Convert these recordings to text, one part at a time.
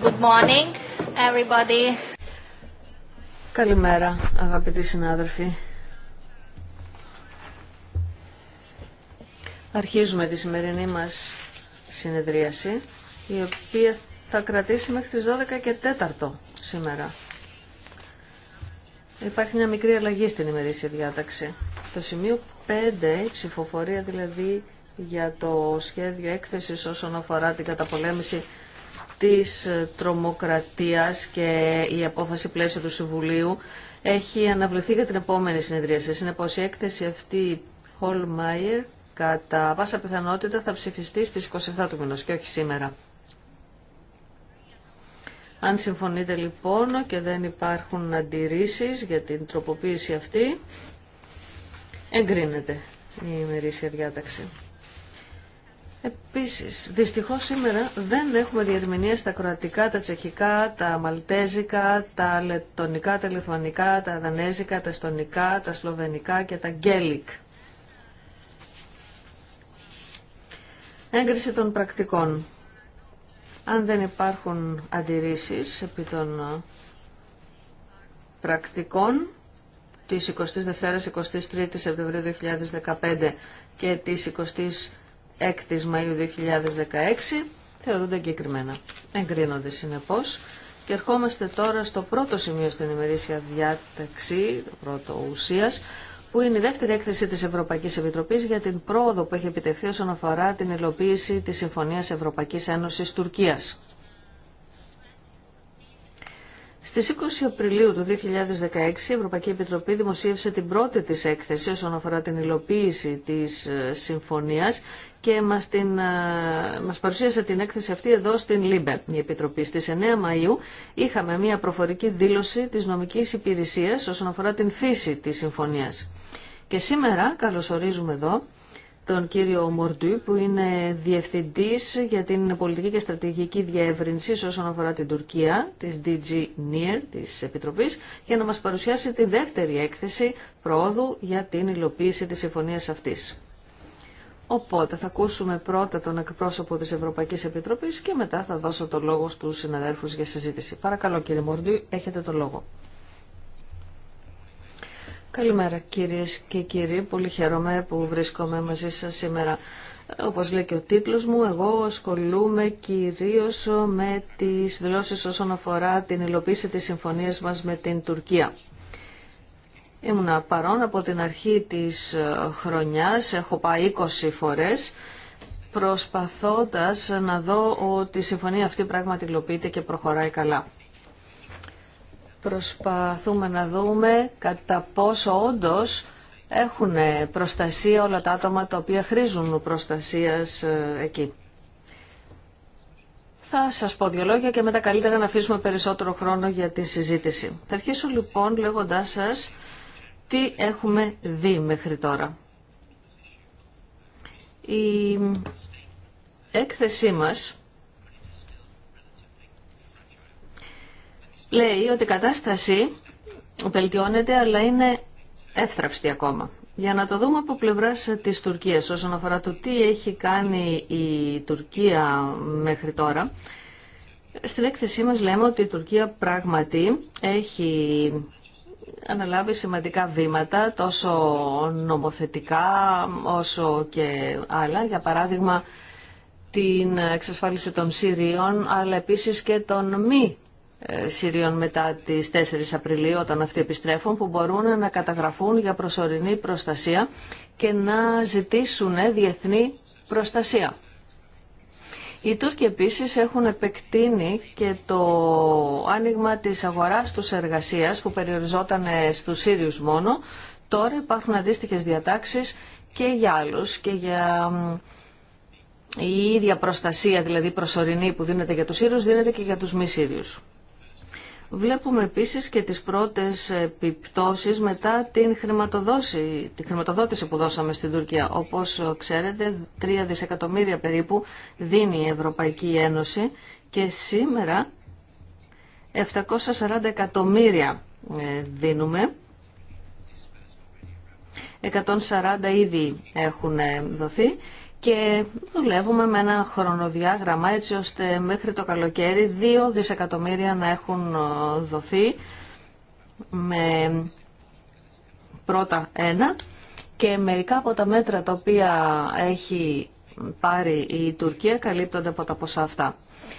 Good morning, everybody. Καλημέρα, αγαπητοί συνάδελφοι. Αρχίζουμε τη σημερινή μας συνεδρίαση, η οποία θα κρατήσει μέχρι τις 12 και 4 σήμερα. Υπάρχει μια μικρή αλλαγή στην ημερήσια διάταξη. Το σημείο 5, η ψηφοφορία δηλαδή για το σχέδιο έκθεσης όσον αφορά την καταπολέμηση της τρομοκρατίας και η απόφαση πλαίσιο του Συμβουλίου έχει αναβληθεί για την επόμενη συνεδρίαση. Συνεπώς η έκθεση αυτή Χολμάιερ κατά πάσα πιθανότητα θα ψηφιστεί στις 27 του μηνός και όχι σήμερα. Αν συμφωνείτε λοιπόν και δεν υπάρχουν αντιρρήσεις για την τροποποίηση αυτή, εγκρίνεται η ημερήσια διάταξη. Επίσης, δυστυχώς σήμερα δεν έχουμε διερμηνία στα κροατικά, τα τσεχικά, τα μαλτέζικα, τα λετονικά, τα λιθουανικά, τα δανέζικα, τα εστονικά, τα σλοβενικά και τα γκέλικ. Έγκριση των πρακτικών. Αν δεν υπάρχουν αντιρρήσεις επί των ε, πρακτικών της 22ης 23ης Σεπτεμβρίου 2015 και της 20ης 6 Μαΐου 2016 θεωρούνται εγκεκριμένα. Εγκρίνονται συνεπώς και ερχόμαστε τώρα στο πρώτο σημείο στην ημερήσια διάταξη, το πρώτο ουσίας, που είναι η δεύτερη έκθεση της Ευρωπαϊκής Επιτροπής για την πρόοδο που έχει επιτευχθεί όσον αφορά την υλοποίηση της Συμφωνίας Ευρωπαϊκής Ένωσης Τουρκίας. Στις 20 Απριλίου του 2016 η Ευρωπαϊκή Επιτροπή δημοσίευσε την πρώτη της έκθεση όσον αφορά την υλοποίηση της ε, συμφωνίας και μας, ε, μας παρουσίασε την έκθεση αυτή εδώ στην ΛΥΜΠΕ, η Επιτροπή. Στις 9 Μαΐου είχαμε μια προφορική δήλωση της νομικής υπηρεσίας όσον αφορά την φύση της συμφωνίας. Και σήμερα καλωσορίζουμε εδώ τον κύριο Μορντου που είναι διευθυντή για την πολιτική και στρατηγική διεύρυνση όσον αφορά την Τουρκία τη DG NIR τη Επιτροπή, για να μα παρουσιάσει τη δεύτερη έκθεση προόδου για την υλοποίηση τη συμφωνία αυτή. Οπότε θα ακούσουμε πρώτα τον εκπρόσωπο της Ευρωπαϊκής Επιτροπής και μετά θα δώσω το λόγο στους συναδέλφους για συζήτηση. Παρακαλώ κύριε Μορντού, έχετε το λόγο. Καλημέρα κυρίες και κύριοι. Πολύ χαίρομαι που βρίσκομαι μαζί σας σήμερα. Όπως λέει και ο τίτλος μου, εγώ ασχολούμαι κυρίως με τις δηλώσεις όσον αφορά την υλοποίηση τη συμφωνίας μας με την Τουρκία. Ήμουνα παρόν από την αρχή της χρονιάς, έχω πάει 20 φορές, προσπαθώντας να δω ότι η συμφωνία αυτή πράγματι υλοποιείται και προχωράει καλά προσπαθούμε να δούμε κατά πόσο όντως έχουν προστασία όλα τα άτομα τα οποία χρήζουν προστασίας ε, εκεί. Θα σας πω δύο λόγια και μετά καλύτερα να αφήσουμε περισσότερο χρόνο για τη συζήτηση. Θα αρχίσω λοιπόν λέγοντάς σας τι έχουμε δει μέχρι τώρα. Η έκθεσή μας λέει ότι η κατάσταση βελτιώνεται αλλά είναι εύθραυστη ακόμα. Για να το δούμε από πλευρά της Τουρκία όσον αφορά το τι έχει κάνει η Τουρκία μέχρι τώρα. Στην έκθεσή μας λέμε ότι η Τουρκία πράγματι έχει αναλάβει σημαντικά βήματα τόσο νομοθετικά όσο και άλλα. Για παράδειγμα την εξασφάλιση των Συρίων αλλά επίσης και των μη ε, Συρίων μετά τις 4 Απριλίου όταν αυτοί επιστρέφουν που μπορούν να καταγραφούν για προσωρινή προστασία και να ζητήσουν διεθνή προστασία. Οι Τούρκοι επίσης έχουν επεκτείνει και το άνοιγμα της αγοράς τους εργασίας που περιοριζόταν στους Σύριους μόνο. Τώρα υπάρχουν αντίστοιχες διατάξεις και για άλλους και για η ίδια προστασία δηλαδή προσωρινή που δίνεται για τους Σύριους δίνεται και για τους μη Σύριους. Βλέπουμε επίσης και τις πρώτες επιπτώσεις μετά την χρηματοδόση, τη χρηματοδότηση που δώσαμε στην Τουρκία. Όπως ξέρετε, 3 δισεκατομμύρια περίπου δίνει η Ευρωπαϊκή Ένωση και σήμερα 740 εκατομμύρια ε, δίνουμε. 140 ήδη έχουν ε, δοθεί και δουλεύουμε με ένα χρονοδιάγραμμα έτσι ώστε μέχρι το καλοκαίρι δύο δισεκατομμύρια να έχουν ε, δοθεί με πρώτα ένα και μερικά από τα μέτρα τα οποία έχει πάρει η Τουρκία καλύπτονται από τα ποσά αυτά.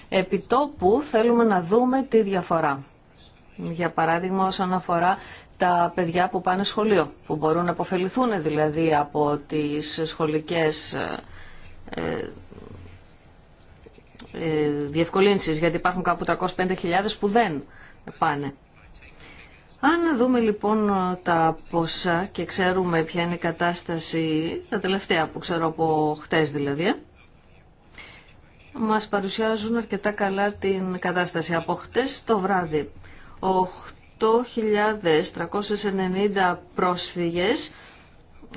Επιτόπου θέλουμε να δούμε τη διαφορά. Για παράδειγμα όσον αφορά τα παιδιά που πάνε σχολείο, που μπορούν να αποφεληθούν δηλαδή από τις σχολικές ε, ε, διευκολύνσεις, γιατί υπάρχουν κάπου 305.000 που δεν πάνε. Αν δούμε λοιπόν τα ποσά και ξέρουμε ποια είναι η κατάσταση, τα τελευταία που ξέρω από χτες δηλαδή, μας παρουσιάζουν αρκετά καλά την κατάσταση από χτες το βράδυ. 8.390 πρόσφυγες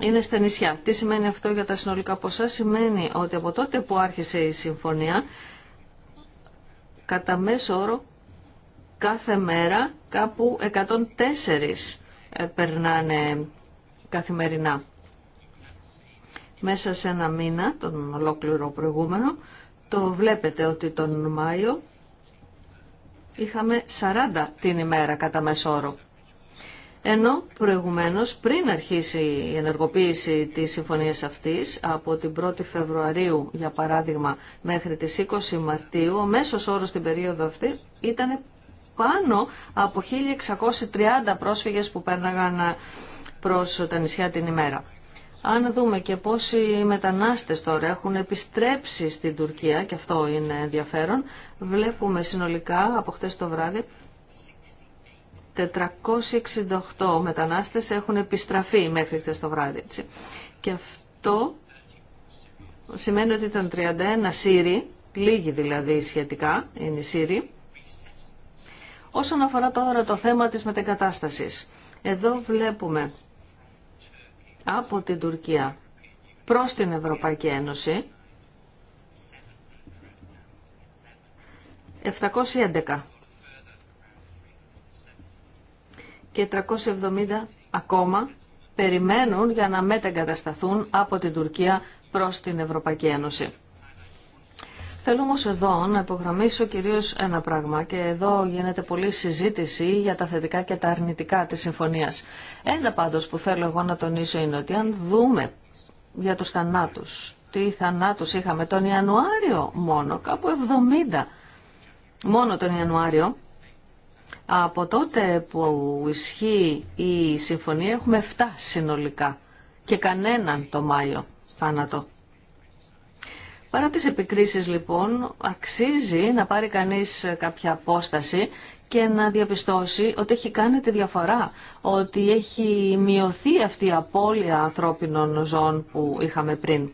είναι στα νησιά. Τι σημαίνει αυτό για τα συνολικά ποσά. Σημαίνει ότι από τότε που άρχισε η συμφωνία, κατά μέσο όρο κάθε μέρα κάπου 104 ε, περνάνε καθημερινά. Μέσα σε ένα μήνα, τον ολόκληρο προηγούμενο, το βλέπετε ότι τον Μάιο είχαμε 40 την ημέρα κατά μέσο όρο. Ενώ προηγουμένως πριν αρχίσει η ενεργοποίηση της συμφωνίας αυτής, από την 1η Φεβρουαρίου για παράδειγμα μέχρι τις 20 Μαρτίου, ο μέσος όρος στην περίοδο αυτή ήταν πάνω από 1630 πρόσφυγες που πέρναγαν ε, προς τα νησιά την ημέρα. Αν δούμε και πόσοι μετανάστες τώρα έχουν επιστρέψει στην Τουρκία, και αυτό είναι ενδιαφέρον, βλέπουμε συνολικά από χτες το βράδυ 468 μετανάστες έχουν επιστραφεί μέχρι χτες το βράδυ. Έτσι. Και αυτό σημαίνει ότι ήταν 31 Σύριοι, λίγοι δηλαδή σχετικά είναι οι Σύριοι. Όσον αφορά τώρα το θέμα της μετεγκατάστασης, εδώ βλέπουμε από την Τουρκία προς την Ευρωπαϊκή Ένωση 711 και 370 ακόμα περιμένουν για να μεταγκατασταθούν από την Τουρκία προς την Ευρωπαϊκή Ένωση. Θέλω όμως εδώ να υπογραμμίσω κυρίως ένα πράγμα και εδώ γίνεται πολλή συζήτηση για τα θετικά και τα αρνητικά της συμφωνίας. Ένα πάντως που θέλω εγώ να τονίσω είναι ότι αν δούμε για τους θανάτους, τι θανάτους είχαμε τον Ιανουάριο μόνο, κάπου 70 μόνο τον Ιανουάριο, από τότε που ισχύει η συμφωνία έχουμε 7 συνολικά και κανέναν το Μάιο θάνατο. Παρά τις επικρίσεις λοιπόν, αξίζει να πάρει κανείς κάποια απόσταση και να διαπιστώσει ότι έχει κάνει τη διαφορά, ότι έχει μειωθεί αυτή η απώλεια ανθρώπινων ζώων που είχαμε πριν.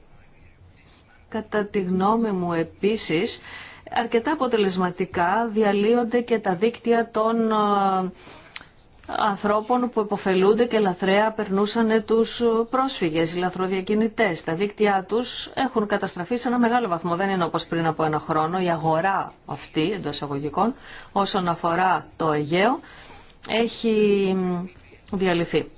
Κατά τη γνώμη μου επίσης, αρκετά αποτελεσματικά διαλύονται και τα δίκτυα των ε, ανθρώπων που υποφελούνται και λαθρέα περνούσαν τους πρόσφυγες, οι λαθροδιακινητές. Τα δίκτυά τους έχουν καταστραφεί σε ένα μεγάλο βαθμό. Δεν είναι όπως πριν από ένα χρόνο. Η αγορά αυτή, εντό εισαγωγικών όσον αφορά το Αιγαίο, έχει διαλυθεί.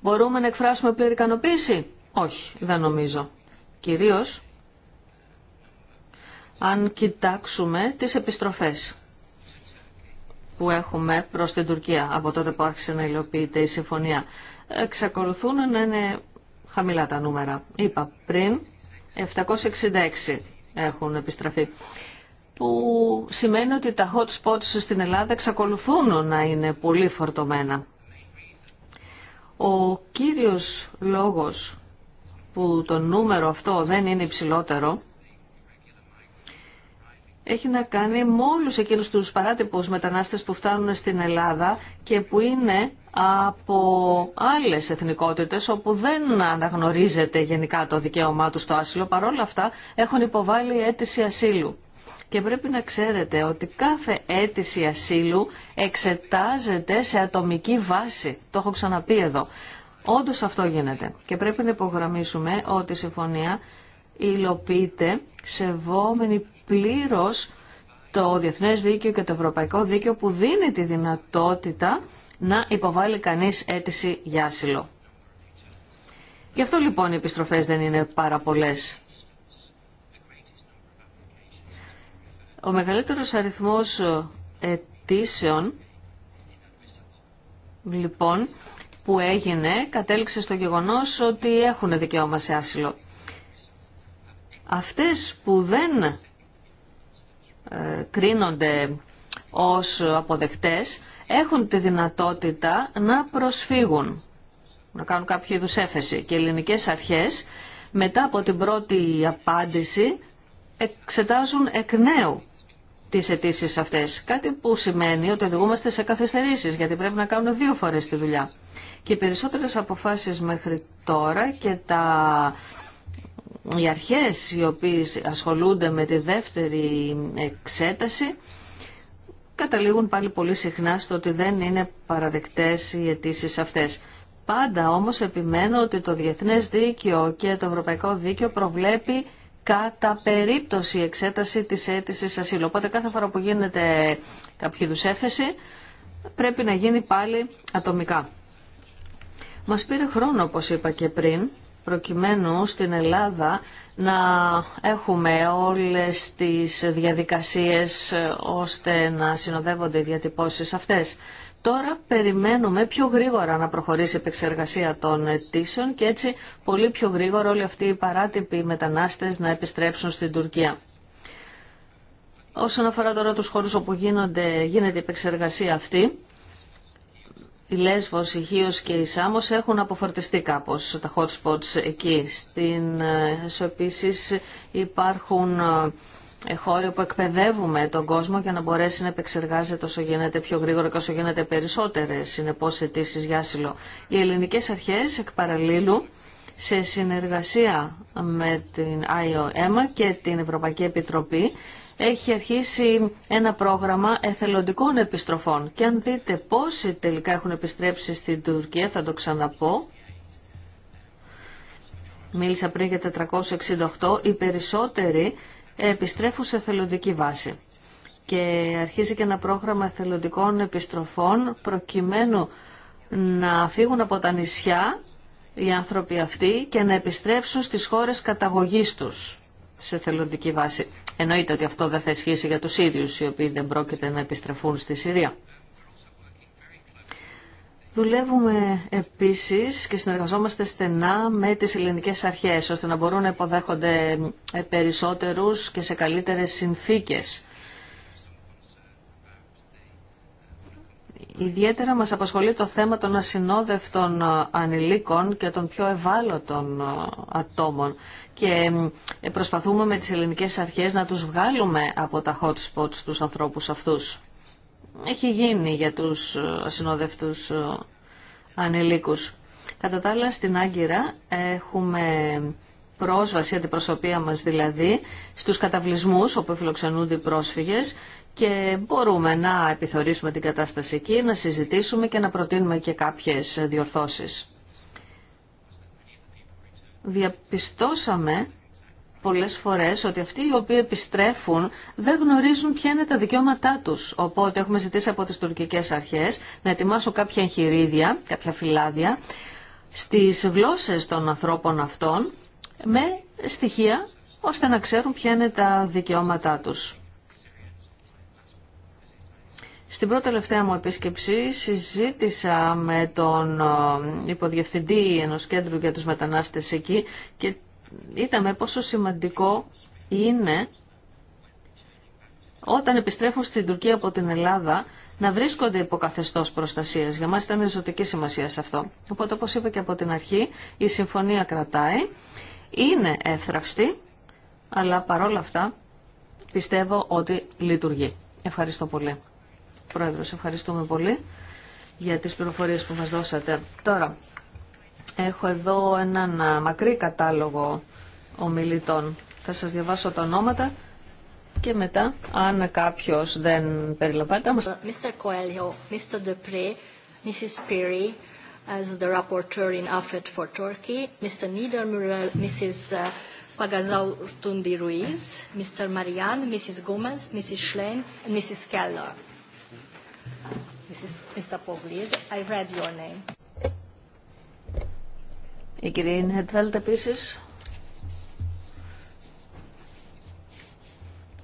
Μπορούμε να εκφράσουμε πλήρη ικανοποίηση. Όχι, δεν νομίζω. Κυρίως αν κοιτάξουμε τις επιστροφές που έχουμε προς την Τουρκία από τότε που άρχισε να υλοποιείται η συμφωνία. Εξακολουθούν να είναι χαμηλά τα νούμερα. Είπα πριν 766 έχουν επιστραφεί που σημαίνει ότι τα hot spots στην Ελλάδα εξακολουθούν να είναι πολύ φορτωμένα. Ο κύριος λόγος που το νούμερο αυτό δεν είναι υψηλότερο έχει να κάνει με όλους εκείνους τους παράτυπους μετανάστες που φτάνουν στην Ελλάδα και που είναι από άλλες εθνικότητες όπου δεν αναγνωρίζεται γενικά το δικαίωμά τους στο άσυλο. Παρόλα αυτά έχουν υποβάλει αίτηση ασύλου. Και πρέπει να ξέρετε ότι κάθε αίτηση ασύλου εξετάζεται σε ατομική βάση. Το έχω ξαναπεί εδώ. Όντω αυτό γίνεται. Και πρέπει να υπογραμμίσουμε ότι η συμφωνία υλοποιείται σεβόμενη πλήρως το διεθνές δίκαιο και το ευρωπαϊκό δίκαιο που δίνει τη δυνατότητα να υποβάλει κανείς αίτηση για άσυλο. Γι' αυτό λοιπόν οι επιστροφές δεν είναι πάρα πολλέ. Ο μεγαλύτερος αριθμός ε, αιτήσεων λοιπόν που έγινε κατέληξε στο γεγονός ότι έχουν δικαίωμα σε άσυλο. Αυτές που δεν ε, κρίνονται ως αποδεκτές έχουν τη δυνατότητα να προσφύγουν, να κάνουν κάποιο είδους έφεση. Και οι ελληνικές αρχές μετά από την πρώτη απάντηση εξετάζουν εκ νέου τις αιτήσει αυτές. Κάτι που σημαίνει ότι οδηγούμαστε σε καθυστερήσεις, γιατί πρέπει να κάνουν δύο φορές τη δουλειά. Και οι περισσότερες αποφάσεις μέχρι τώρα και τα οι αρχές οι οποίες ασχολούνται με τη δεύτερη εξέταση καταλήγουν πάλι πολύ συχνά στο ότι δεν είναι παραδεκτές οι αιτήσει αυτές. Πάντα όμως επιμένω ότι το Διεθνές Δίκαιο και το Ευρωπαϊκό Δίκαιο προβλέπει κατά περίπτωση εξέταση της αίτηση ασύλου. Οπότε κάθε φορά που γίνεται κάποιο είδους έφεση πρέπει να γίνει πάλι ατομικά. Μας πήρε χρόνο, όπως είπα και πριν, προκειμένου στην Ελλάδα να έχουμε όλες τις διαδικασίες ώστε να συνοδεύονται οι διατυπώσεις αυτές. Τώρα περιμένουμε πιο γρήγορα να προχωρήσει η επεξεργασία των αιτήσεων και έτσι πολύ πιο γρήγορα όλοι αυτοί οι παράτυποι μετανάστες να επιστρέψουν στην Τουρκία. Όσον αφορά τώρα τους χώρους όπου γίνεται η επεξεργασία αυτή, η Λέσβος, η Χίος και η Σάμος έχουν αποφορτιστεί κάπως τα hot spots εκεί. Στην ε, επίση υπάρχουν ε, χώροι που εκπαιδεύουμε τον κόσμο για να μπορέσει να επεξεργάζεται όσο γίνεται πιο γρήγορα και όσο γίνεται περισσότερες συνεπώς αιτήσει για άσυλο. Οι ελληνικές αρχές εκ παραλίλου σε συνεργασία με την IOM και την Ευρωπαϊκή Επιτροπή έχει αρχίσει ένα πρόγραμμα εθελοντικών επιστροφών. Και αν δείτε πόσοι τελικά έχουν επιστρέψει στην Τουρκία, θα το ξαναπώ, μίλησα πριν για 468, οι περισσότεροι επιστρέφουν σε εθελοντική βάση. Και αρχίζει και ένα πρόγραμμα εθελοντικών επιστροφών προκειμένου να φύγουν από τα νησιά οι άνθρωποι αυτοί και να επιστρέψουν στις χώρες καταγωγής τους σε θελοντική βάση. Εννοείται ότι αυτό δεν θα ισχύσει για τους ίδιους οι οποίοι δεν πρόκειται να επιστρεφούν στη Συρία. Δουλεύουμε επίσης και συνεργαζόμαστε στενά με τις ελληνικές αρχές ώστε να μπορούν να υποδέχονται περισσότερους και σε καλύτερες συνθήκες. Ιδιαίτερα μας απασχολεί το θέμα των ασυνόδευτων ανηλίκων και των πιο ευάλωτων ατόμων και προσπαθούμε με τις ελληνικές αρχές να τους βγάλουμε από τα hot spots τους ανθρώπους αυτούς. Έχει γίνει για τους ε, ασυνόδευτους ε, ανηλίκους. Κατά τα άλλα στην Άγκυρα έχουμε πρόσβαση, αντιπροσωπεία μας δηλαδή, στους καταβλισμούς όπου φιλοξενούνται οι πρόσφυγες και μπορούμε να επιθωρήσουμε την κατάσταση εκεί, να συζητήσουμε και να προτείνουμε και κάποιες διορθώσεις διαπιστώσαμε πολλές φορές ότι αυτοί οι οποίοι επιστρέφουν δεν γνωρίζουν ποια είναι τα δικαιώματά τους. Οπότε έχουμε ζητήσει από τις τουρκικές αρχές να ετοιμάσω κάποια εγχειρίδια, κάποια φυλάδια, στις γλώσσες των ανθρώπων αυτών με στοιχεία ώστε να ξέρουν ποια είναι τα δικαιώματά τους. Στην πρώτη τελευταία μου επίσκεψη συζήτησα με τον ε, υποδιευθυντή ενός κέντρου για τους μετανάστες εκεί και είδαμε πόσο σημαντικό είναι όταν επιστρέφουν στην Τουρκία από την Ελλάδα να βρίσκονται υποκαθεστώ προστασία. Για μα ήταν ζωτική σημασία σε αυτό. Οπότε, όπω είπα και από την αρχή, η συμφωνία κρατάει. Είναι εύθραυστη, αλλά παρόλα αυτά πιστεύω ότι λειτουργεί. Ευχαριστώ πολύ. Πρόεδρος, ευχαριστούμε πολύ για τις πληροφορίες που μας δώσατε. Τώρα, έχω εδώ έναν μακρύ κατάλογο ομιλητών. Θα σας διαβάσω τα ονόματα και μετά, αν κάποιος δεν περιλαμβάνεται... Mr. Coelho, Mr. Dupré, Mrs. Piri, as the rapporteur in AFET for Turkey, Mr. Niedermüller, Mrs. Pagazau Tundi Ruiz, Mr. Marianne, Mrs. Gomez, Mrs. Schlein, and Mrs. Keller. I read your name. Η κυρία Ινχετφέλτ επίση.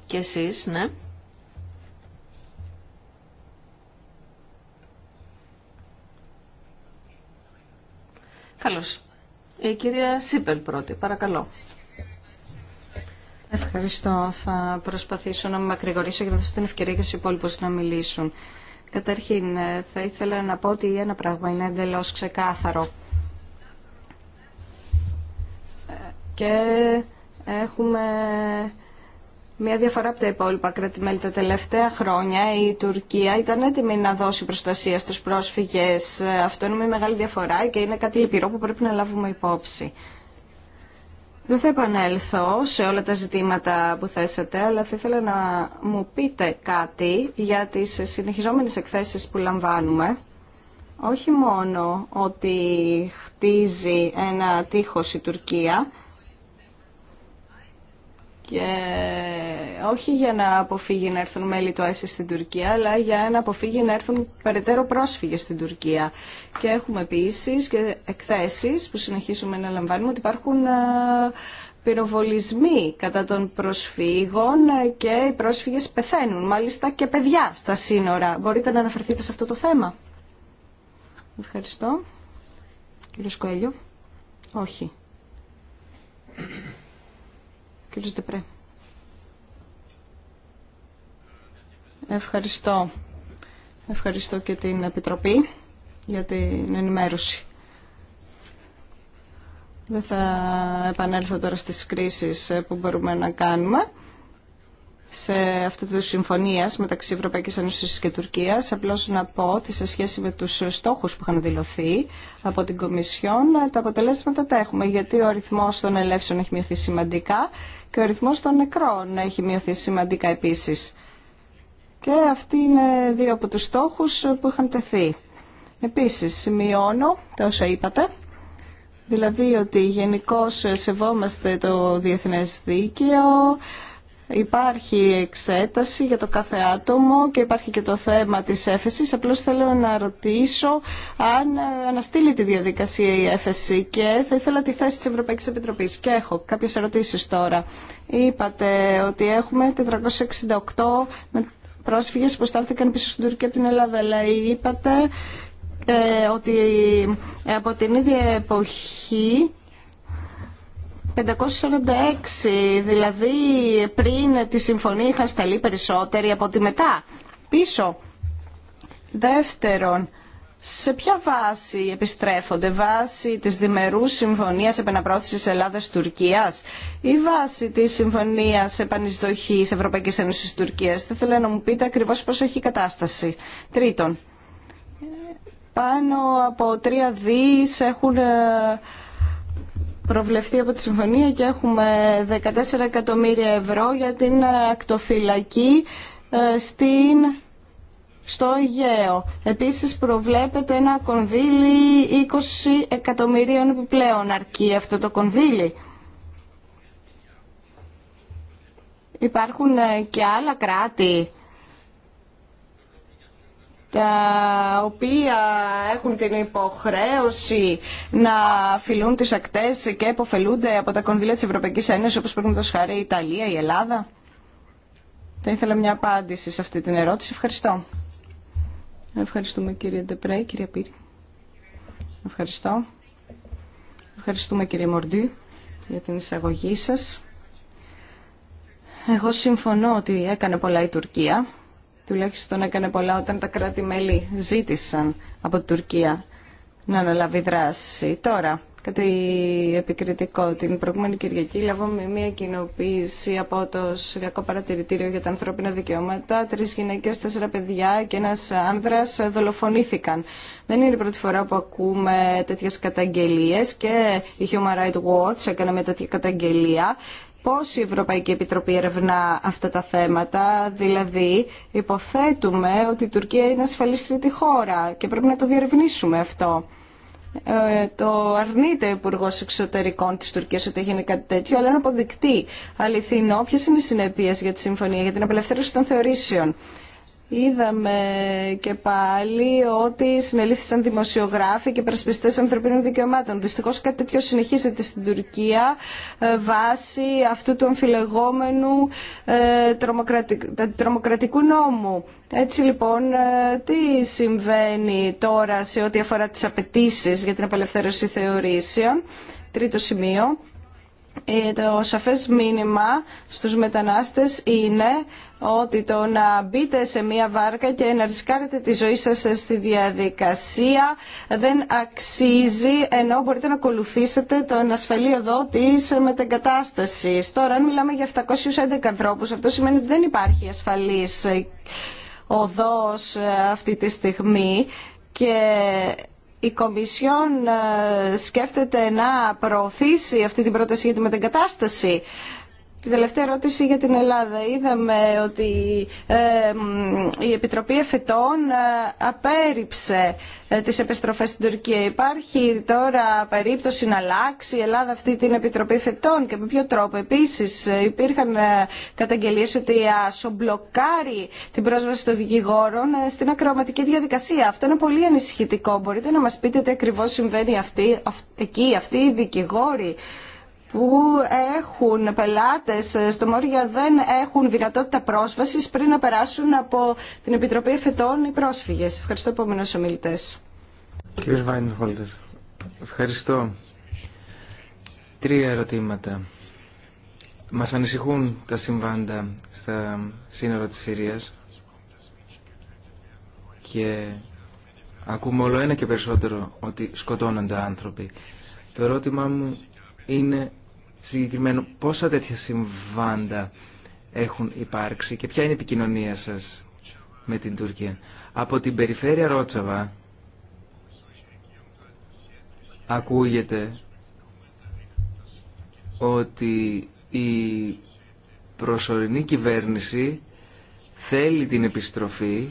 Και εσεί, ναι. Καλώς. Η κυρία Σίπελ πρώτη, παρακαλώ. Ευχαριστώ. Θα προσπαθήσω να με ακρηγορήσω για να δώσω την ευκαιρία και στου υπόλοιπου να μιλήσουν. Καταρχήν, ε, θα ήθελα να πω ότι ένα πράγμα είναι εντελώ ξεκάθαρο. Ε, και έχουμε μια διαφορά από τα υπόλοιπα κράτη-μέλη τα τελευταία χρόνια. Η Τουρκία ήταν έτοιμη να δώσει προστασία στους πρόσφυγες. Ε, αυτό είναι μια μεγάλη διαφορά και είναι κάτι λυπηρό που πρέπει να λάβουμε υπόψη. Δεν θα επανέλθω σε όλα τα ζητήματα που θέσατε, αλλά θα ήθελα να μου πείτε κάτι για τις συνεχιζόμενες εκθέσεις που λαμβάνουμε. Όχι μόνο ότι χτίζει ένα τείχος η Τουρκία, και όχι για να αποφύγει να έρθουν μέλη του ΆΙΣΙ στην Τουρκία, αλλά για να αποφύγει να έρθουν περαιτέρω πρόσφυγες στην Τουρκία. Και έχουμε επίση και εκθέσεις που συνεχίζουμε να λαμβάνουμε ότι υπάρχουν πυροβολισμοί κατά των προσφύγων και οι πρόσφυγες πεθαίνουν, μάλιστα και παιδιά στα σύνορα. Μπορείτε να αναφερθείτε σε αυτό το θέμα. Ευχαριστώ. Κύριο Σκοέλιο. Όχι. Κύριος Δεπρέ. Ευχαριστώ. Ευχαριστώ και την Επιτροπή για την ενημέρωση. Δεν θα επανέλθω τώρα στις κρίσεις που μπορούμε να κάνουμε σε αυτή τη συμφωνία μεταξύ Ευρωπαϊκή Ένωση και Τουρκία. Απλώ να πω ότι σε σχέση με του στόχου που είχαν δηλωθεί από την Κομισιόν, τα αποτελέσματα τα έχουμε. Γιατί ο αριθμό των ελεύσεων έχει μειωθεί σημαντικά και ο αριθμό των νεκρών έχει μειωθεί σημαντικά επίση. Και αυτοί είναι δύο από του στόχου που είχαν τεθεί. Επίση, σημειώνω τα όσα είπατε. Δηλαδή ότι γενικώ σεβόμαστε το διεθνές δίκαιο, Υπάρχει εξέταση για το κάθε άτομο και υπάρχει και το θέμα της έφεσης. Απλώς θέλω να ρωτήσω αν αναστείλει τη διαδικασία η έφεση και θα ήθελα τη θέση της Ευρωπαϊκής Επιτροπής. Και έχω κάποιες ερωτήσεις τώρα. Είπατε ότι έχουμε 468 πρόσφυγες που στάλθηκαν πίσω στην Τουρκία από την Ελλάδα, αλλά είπατε ε, ότι ε, από την ίδια εποχή 546, δηλαδή πριν τη συμφωνία είχαν σταλεί περισσότεροι από τη μετά. Πίσω. Δεύτερον, σε ποια βάση επιστρέφονται, βάση της διμερούς συμφωνίας επαναπρόθεσης Ελλάδας-Τουρκίας ή βάση της συμφωνίας επανεισδοχής Ευρωπαϊκής Ένωσης Τουρκίας. Θα ήθελα να μου πείτε ακριβώς πώς έχει η κατάσταση. Τρίτον, πάνω από τρία δις έχουν ε, προβλεφθεί από τη Συμφωνία και έχουμε 14 εκατομμύρια ευρώ για την ε, ακτοφυλακή ε, στην στο Αιγαίο. Επίσης προβλέπεται ένα κονδύλι 20 εκατομμυρίων επιπλέον. Αρκεί αυτό το κονδύλι. Υπάρχουν ε, και άλλα κράτη τα οποία έχουν την υποχρέωση να φιλούν τις ακτές και υποφελούνται από τα κονδύλια της Ευρωπαϊκής Ένωσης, όπως πρέπει να το χάρη η Ιταλία, η Ελλάδα. Θα ήθελα μια απάντηση σε αυτή την ερώτηση. Ευχαριστώ. Ευχαριστούμε κύριε Ντεπρέ, κύριε Πύρη. Ευχαριστώ. Ευχαριστούμε κύριε Μορντή για την εισαγωγή σας. Εγώ συμφωνώ ότι έκανε πολλά η Τουρκία τουλάχιστον έκανε πολλά όταν τα κράτη-μέλη ζήτησαν από την Τουρκία να αναλάβει δράση. Τώρα, κάτι επικριτικό. Την προηγούμενη Κυριακή λάβαμε μια κοινοποίηση από το Συριακό Παρατηρητήριο για τα Ανθρώπινα Δικαιώματα. Τρεις γυναίκες, τέσσερα παιδιά και ένας άνδρας δολοφονήθηκαν. Δεν είναι η πρώτη φορά που ακούμε τέτοιες καταγγελίες και η Human Rights Watch έκανε μια τέτοια καταγγελία πώς η Ευρωπαϊκή Επιτροπή ερευνά αυτά τα θέματα, δηλαδή υποθέτουμε ότι η Τουρκία είναι ασφαλής τρίτη χώρα και πρέπει να το διερευνήσουμε αυτό. Ε, το αρνείται ο Υπουργό Εξωτερικών τη Τουρκία ότι έγινε κάτι τέτοιο, αλλά είναι αποδεικτεί αληθινό ποιε είναι οι συνέπειε για τη συμφωνία, για την απελευθέρωση των θεωρήσεων. Είδαμε και πάλι ότι συνελήφθησαν δημοσιογράφοι και περασπιστέ ανθρωπίνων δικαιωμάτων. Δυστυχώ κάτι τέτοιο συνεχίζεται στην Τουρκία ε, βάσει αυτού του αμφιλεγόμενου ε, τρομοκρατικού νόμου. Έτσι λοιπόν, ε, τι συμβαίνει τώρα σε ό,τι αφορά τις απαιτήσει για την απελευθέρωση θεωρήσεων. Τρίτο σημείο. Το σαφές μήνυμα στους μετανάστες είναι ότι το να μπείτε σε μία βάρκα και να ρισκάρετε τη ζωή σας στη διαδικασία δεν αξίζει ενώ μπορείτε να ακολουθήσετε τον ασφαλή οδό της μετεγκατάστασης. Τώρα, αν μιλάμε για 711 ανθρώπους, αυτό σημαίνει ότι δεν υπάρχει ασφαλής οδός ε, αυτή τη στιγμή και η Κομισιόν ε, σκέφτεται να προωθήσει αυτή την πρόταση για τη μετεγκατάσταση. Την τελευταία ερώτηση για την Ελλάδα. Είδαμε ότι ε, η Επιτροπή Εφετών ε, απέρριψε ε, τις επιστροφές στην Τουρκία. Υπάρχει τώρα περίπτωση να αλλάξει η Ελλάδα αυτή την Επιτροπή Εφετών και με ποιο τρόπο. Επίσης υπήρχαν καταγγελίες ότι η μπλοκάρει την πρόσβαση των δικηγόρων στην ακροματική διαδικασία. Αυτό είναι πολύ ανησυχητικό. Μπορείτε να μας πείτε τι ακριβώς συμβαίνει αυτή, εκεί, αυτοί οι δικηγόροι που έχουν πελάτες στο Μόρια δεν έχουν δυνατότητα πρόσβασης πριν να περάσουν από την Επιτροπή Εφετών οι πρόσφυγες. Ευχαριστώ επόμενος ομιλητές. Κύριος Χόλτερ. ευχαριστώ. Τρία ερωτήματα. Μας ανησυχούν τα συμβάντα στα σύνορα της Συρίας και ακούμε όλο ένα και περισσότερο ότι σκοτώνονται άνθρωποι. Το ερώτημά μου είναι συγκεκριμένο πόσα τέτοια συμβάντα έχουν υπάρξει και ποια είναι η επικοινωνία σας με την Τουρκία. Από την περιφέρεια Ρότσαβα ακούγεται ότι η προσωρινή κυβέρνηση θέλει την επιστροφή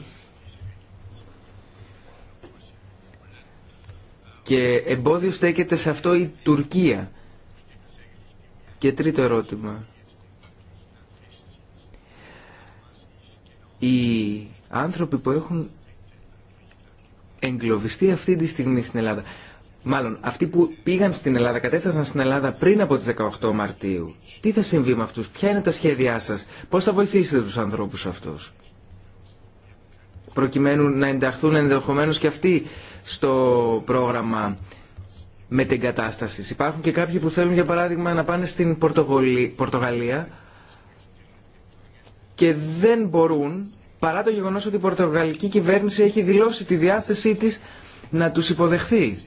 και εμπόδιο στέκεται σε αυτό η Τουρκία. Και τρίτο ερώτημα. Οι άνθρωποι που έχουν εγκλωβιστεί αυτή τη στιγμή στην Ελλάδα, μάλλον αυτοί που πήγαν στην Ελλάδα, κατέφτασαν στην Ελλάδα πριν από τις 18 Μαρτίου, τι θα συμβεί με αυτούς, ποια είναι τα σχέδιά σας, πώς θα βοηθήσετε τους ανθρώπους αυτούς προκειμένου να ενταχθούν ενδεχομένως και αυτοί στο πρόγραμμα με την κατάσταση. Υπάρχουν και κάποιοι που θέλουν για παράδειγμα να πάνε στην Πορτογαλία και δεν μπορούν παρά το γεγονός ότι η πορτογαλική κυβέρνηση έχει δηλώσει τη διάθεσή της να τους υποδεχθεί.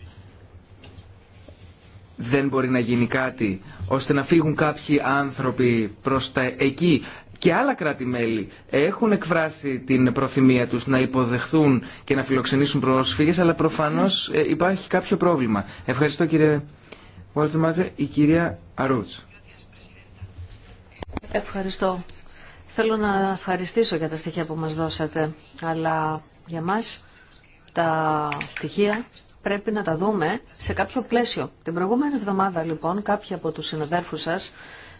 Δεν μπορεί να γίνει κάτι ώστε να φύγουν κάποιοι άνθρωποι προς τα εκεί και άλλα κράτη-μέλη έχουν εκφράσει την προθυμία τους να υποδεχθούν και να φιλοξενήσουν πρόσφυγες, αλλά προφανώς ε, υπάρχει κάποιο πρόβλημα. Ευχαριστώ κύριε Μάζε. Η κυρία Αρούτς. Ευχαριστώ. Θέλω να ευχαριστήσω για τα στοιχεία που μας δώσατε, αλλά για μας τα στοιχεία πρέπει να τα δούμε σε κάποιο πλαίσιο. Την προηγούμενη εβδομάδα λοιπόν κάποιοι από τους συναδέρφους σας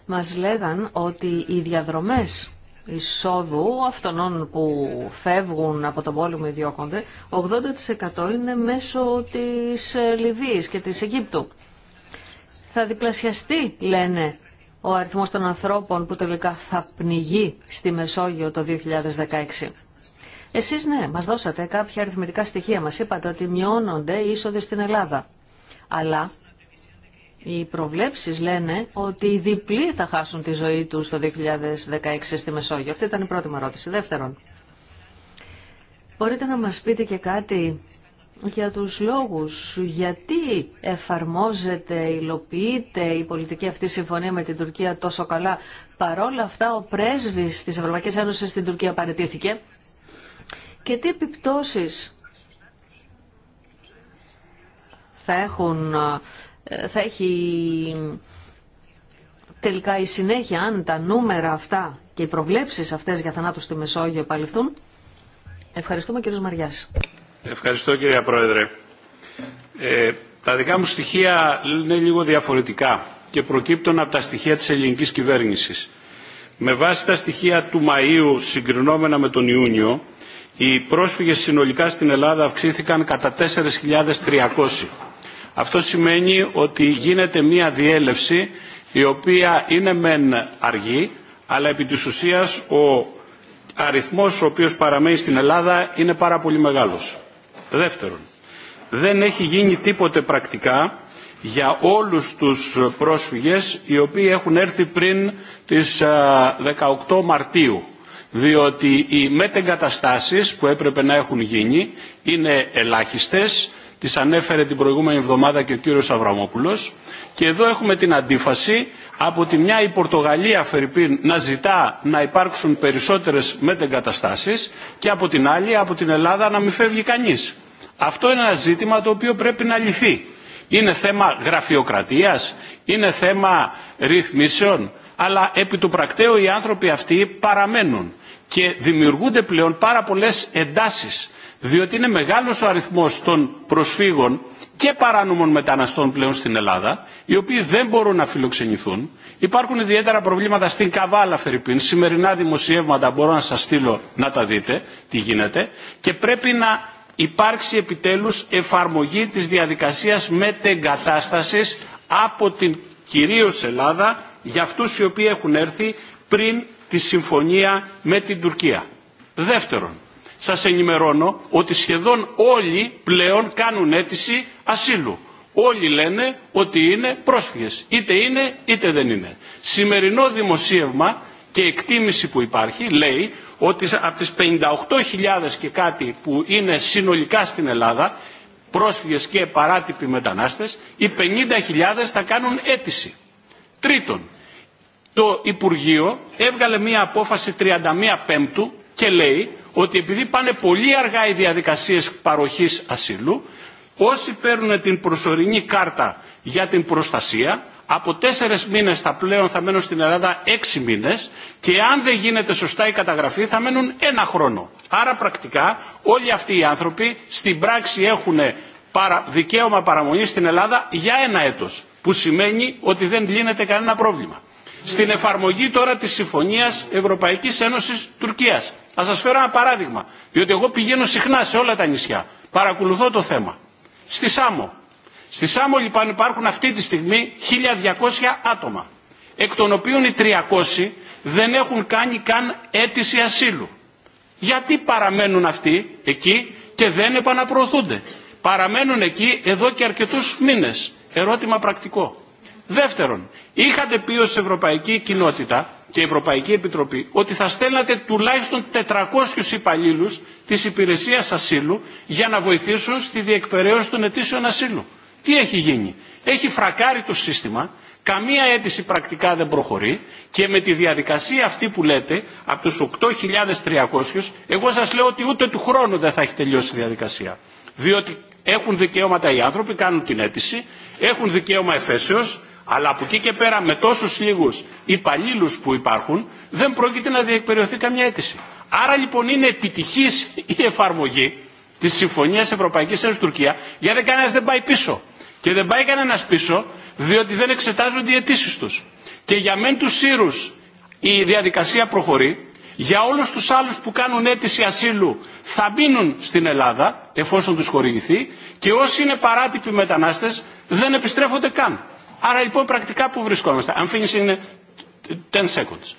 μας λέγαν ότι οι διαδρομές εισόδου αυτών που φεύγουν από τον πόλεμο ή διώκονται, 80% είναι μέσω της ε, Λιβύης και της Αιγύπτου. Θα διπλασιαστεί, λένε, ο αριθμός των ανθρώπων που τελικά θα πνιγεί στη Μεσόγειο το 2016. Εσείς ναι, μας δώσατε κάποια αριθμητικά στοιχεία. Μας είπατε ότι μειώνονται οι είσοδοι στην Ελλάδα. Αλλά οι προβλέψεις λένε ότι οι διπλοί θα χάσουν τη ζωή τους το 2016 στη Μεσόγειο. Αυτή ήταν η πρώτη μου ερώτηση. Δεύτερον, μπορείτε να μας πείτε και κάτι για τους λόγους γιατί εφαρμόζεται, υλοποιείται η πολιτική αυτή συμφωνία με την Τουρκία τόσο καλά. Παρόλα αυτά ο πρέσβης της Ευρωπαϊκής Ένωσης στην Τουρκία παραιτήθηκε. Και τι επιπτώσεις θα έχουν θα έχει τελικά η συνέχεια αν τα νούμερα αυτά και οι προβλέψεις αυτές για θανάτους στη Μεσόγειο επαληφθούν. Ευχαριστούμε κύριος Μαριάς. Ευχαριστώ κύριε Πρόεδρε. Ε, τα δικά μου στοιχεία είναι λίγο διαφορετικά και προκύπτουν από τα στοιχεία της ελληνικής κυβέρνησης. Με βάση τα στοιχεία του Μαΐου συγκρινόμενα με τον Ιούνιο, οι πρόσφυγες συνολικά στην Ελλάδα αυξήθηκαν κατά 4.300 αυτό σημαίνει ότι γίνεται μία διέλευση η οποία είναι μεν αργή, αλλά επί της ουσίας ο αριθμός ο οποίος παραμένει στην Ελλάδα είναι πάρα πολύ μεγάλος. Δεύτερον, δεν έχει γίνει τίποτε πρακτικά για όλους τους πρόσφυγες οι οποίοι έχουν έρθει πριν τις 18 Μαρτίου διότι οι μετεγκαταστάσεις που έπρεπε να έχουν γίνει είναι ελάχιστες τις ανέφερε την προηγούμενη εβδομάδα και ο κύριος Αβραμόπουλος και εδώ έχουμε την αντίφαση από τη μια η Πορτογαλία να ζητά να υπάρξουν περισσότερες μετεγκαταστάσεις και από την άλλη από την Ελλάδα να μην φεύγει κανείς. Αυτό είναι ένα ζήτημα το οποίο πρέπει να λυθεί. Είναι θέμα γραφειοκρατίας, είναι θέμα ρυθμίσεων, αλλά επί του πρακτέου οι άνθρωποι αυτοί παραμένουν και δημιουργούνται πλέον πάρα πολλές εντάσεις διότι είναι μεγάλος ο αριθμός των προσφύγων και παράνομων μεταναστών πλέον στην Ελλάδα, οι οποίοι δεν μπορούν να φιλοξενηθούν. Υπάρχουν ιδιαίτερα προβλήματα στην Καβάλα, Φερρυπίν. Σημερινά δημοσιεύματα μπορώ να σας στείλω να τα δείτε τι γίνεται. Και πρέπει να υπάρξει επιτέλους εφαρμογή της διαδικασίας μετεγκατάστασης από την κυρίως Ελλάδα για αυτούς οι οποίοι έχουν έρθει πριν τη συμφωνία με την Τουρκία. Δεύτερον, σας ενημερώνω ότι σχεδόν όλοι πλέον κάνουν αίτηση ασύλου. Όλοι λένε ότι είναι πρόσφυγες. Είτε είναι είτε δεν είναι. Σημερινό δημοσίευμα και εκτίμηση που υπάρχει λέει ότι από τις 58.000 και κάτι που είναι συνολικά στην Ελλάδα πρόσφυγες και παράτυποι μετανάστες, οι 50.000 θα κάνουν αίτηση. Τρίτον, το Υπουργείο έβγαλε μία απόφαση 31 Πέμπτου και λέει ότι επειδή πάνε πολύ αργά οι διαδικασίες παροχής ασυλού, όσοι παίρνουν την προσωρινή κάρτα για την προστασία, από τέσσερες μήνες θα πλέον θα μένουν στην Ελλάδα έξι μήνες και αν δεν γίνεται σωστά η καταγραφή θα μένουν ένα χρόνο. Άρα πρακτικά όλοι αυτοί οι άνθρωποι στην πράξη έχουν δικαίωμα παραμονή στην Ελλάδα για ένα έτος που σημαίνει ότι δεν λύνεται κανένα πρόβλημα στην εφαρμογή τώρα της Συμφωνίας Ευρωπαϊκής Ένωσης Τουρκίας. Θα σας φέρω ένα παράδειγμα, διότι εγώ πηγαίνω συχνά σε όλα τα νησιά. Παρακολουθώ το θέμα. Στη Σάμο. Στη Σάμο λοιπόν υπάρχουν αυτή τη στιγμή 1.200 άτομα, εκ των οποίων οι 300 δεν έχουν κάνει καν αίτηση ασύλου. Γιατί παραμένουν αυτοί εκεί και δεν επαναπροωθούνται. Παραμένουν εκεί εδώ και αρκετούς μήνες. Ερώτημα πρακτικό. Δεύτερον, είχατε πει ως Ευρωπαϊκή Κοινότητα και Ευρωπαϊκή Επιτροπή ότι θα στέλνατε τουλάχιστον 400 υπαλλήλους της υπηρεσίας ασύλου για να βοηθήσουν στη διεκπαιρέωση των αιτήσεων ασύλου. Τι έχει γίνει. Έχει φρακάρει το σύστημα, καμία αίτηση πρακτικά δεν προχωρεί και με τη διαδικασία αυτή που λέτε από τους 8.300 εγώ σας λέω ότι ούτε του χρόνου δεν θα έχει τελειώσει η διαδικασία. Διότι έχουν δικαίωματα οι άνθρωποι, κάνουν την αίτηση, έχουν δικαίωμα εφέσεως, αλλά από εκεί και πέρα με τόσους λίγους υπαλλήλου που υπάρχουν δεν πρόκειται να διεκπεριωθεί καμιά αίτηση. Άρα λοιπόν είναι επιτυχής η εφαρμογή της Συμφωνίας Ευρωπαϊκής Ένωσης Τουρκία γιατί κανένας δεν πάει πίσω. Και δεν πάει κανένας πίσω διότι δεν εξετάζονται οι αιτήσει τους. Και για μεν τους Σύρους η διαδικασία προχωρεί, για όλους τους άλλους που κάνουν αίτηση ασύλου θα μείνουν στην Ελλάδα εφόσον τους χορηγηθεί και όσοι είναι παράτυποι μετανάστες δεν επιστρέφονται καν. Άρα λοιπόν πρακτικά που βρισκόμαστε. Αν φύγεις είναι 10 seconds.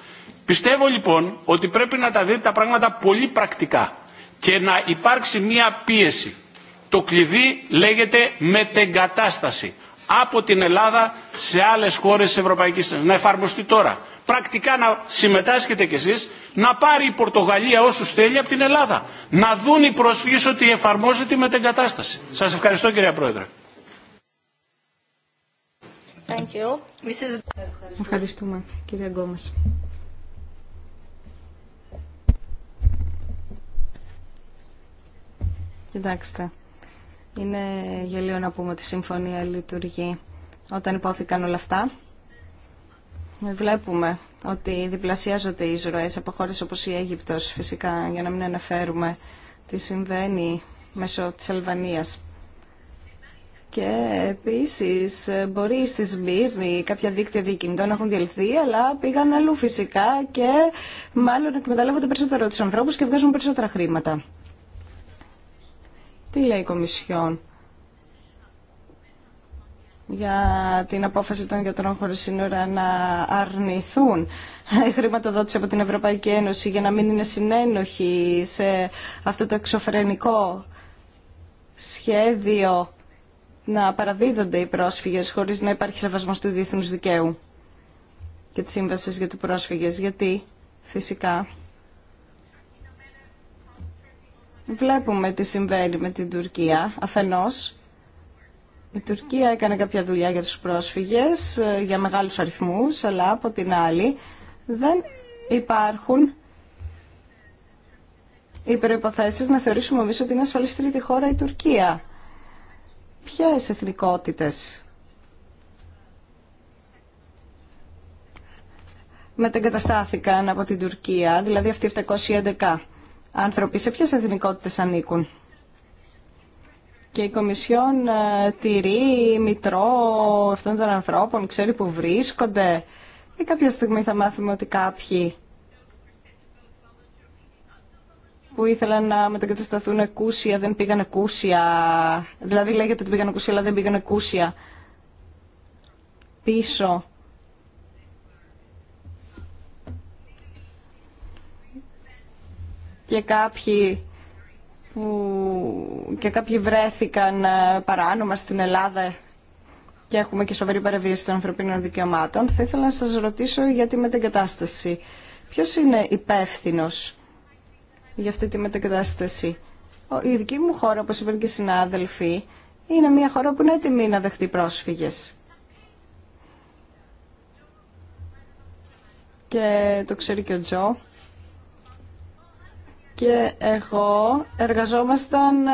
Πιστεύω λοιπόν ότι πρέπει να τα δείτε τα πράγματα πολύ πρακτικά και να υπάρξει μία πίεση. Το κλειδί λέγεται μετεγκατάσταση από την Ελλάδα σε άλλες χώρες της Ευρωπαϊκής Ένωσης. Να εφαρμοστεί τώρα. Πρακτικά να συμμετάσχετε κι εσείς, να πάρει η Πορτογαλία όσους θέλει από την Ελλάδα. Να δουν οι πρόσφυγες ότι εφαρμόζεται η μετεγκατάσταση. Σας ευχαριστώ κυρία Πρόεδρε. Ευχαριστούμε, κύριε Γκόμες. Κοιτάξτε, είναι γελίο να πούμε ότι η συμφωνία λειτουργεί. Όταν υπόθηκαν όλα αυτά, βλέπουμε ότι διπλασιάζονται οι ζωέ από χώρες όπως η Αίγυπτος, φυσικά, για να μην αναφέρουμε τι συμβαίνει μέσω της Αλβανίας. Και επίσης μπορεί στη Σμύρνη κάποια δίκτυα διοικητών να έχουν διελθεί, αλλά πήγαν αλλού φυσικά και μάλλον εκμεταλλεύονται περισσότερο του ανθρώπου και βγάζουν περισσότερα χρήματα. Τι λέει η Κομισιόν για την απόφαση των γιατρών χωρίς σύνορα να αρνηθούν χρηματοδότηση από την Ευρωπαϊκή Ένωση για να μην είναι συνένοχοι σε αυτό το εξωφρενικό σχέδιο να παραδίδονται οι πρόσφυγες χωρίς να υπάρχει σεβασμό του διεθνούς δικαίου και τη σύμβαση για του πρόσφυγες. Γιατί φυσικά βλέπουμε τι συμβαίνει με την Τουρκία αφενός. Η Τουρκία έκανε κάποια δουλειά για τους πρόσφυγες, ε, για μεγάλους αριθμούς, αλλά από την άλλη δεν υπάρχουν οι να θεωρήσουμε εμεί ότι είναι ασφαλής τρίτη χώρα η Τουρκία ποιες εθνικότητες μετεγκαταστάθηκαν από την Τουρκία, δηλαδή αυτοί 711 άνθρωποι, σε ποιες εθνικότητες ανήκουν. Και η Κομισιόν ε, τηρεί μητρό αυτών των ανθρώπων, ξέρει που βρίσκονται. Ή κάποια στιγμή θα μάθουμε ότι κάποιοι που ήθελαν να μετακατασταθούν εκούσια, δεν πήγαν εκούσια. Δηλαδή λέγεται ότι πήγαν εκούσια, αλλά δεν πήγαν εκούσια. Πίσω. Και κάποιοι και κάποιοι βρέθηκαν ε, παράνομα στην Ελλάδα και έχουμε και σοβαρή παραβίαση των ανθρωπίνων δικαιωμάτων, θα ήθελα να σας ρωτήσω για τη μετεγκατάσταση. Ποιος είναι υπεύθυνος για αυτή τη μετακατάσταση. Η δική μου χώρα, όπως είπαν και οι συνάδελφοι, είναι μια χώρα που είναι έτοιμη να δεχτεί πρόσφυγες. Και το ξέρει και ο Τζο. Και εγώ εργαζόμασταν ε,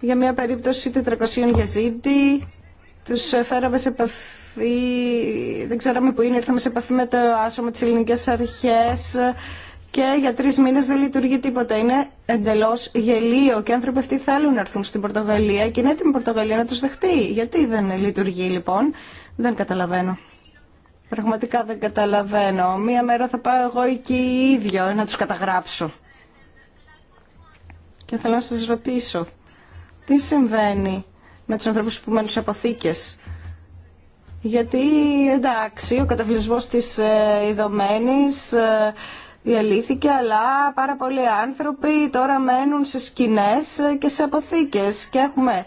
για μια περίπτωση 400 γεζίτη. Τους ε, φέραμε σε επαφή, δεν ξέραμε που είναι, ήρθαμε σε επαφή με το άσωμα τις ελληνικές αρχές και για τρει μήνε δεν λειτουργεί τίποτα. Είναι εντελώ γελίο και οι άνθρωποι αυτοί θέλουν να έρθουν στην Πορτογαλία και είναι έτοιμη η Πορτογαλία να του δεχτεί. Γιατί δεν λειτουργεί λοιπόν, δεν καταλαβαίνω. Πραγματικά δεν καταλαβαίνω. Μία μέρα θα πάω εγώ εκεί ίδιο ε, να τους καταγράψω. Και θέλω να σας ρωτήσω, τι συμβαίνει με τους ανθρώπους που μένουν σε αποθήκες. Γιατί εντάξει, ο καταβλισμός της ε, ε διαλύθηκε, αλλά πάρα πολλοί άνθρωποι τώρα μένουν σε σκηνές και σε αποθήκες και έχουμε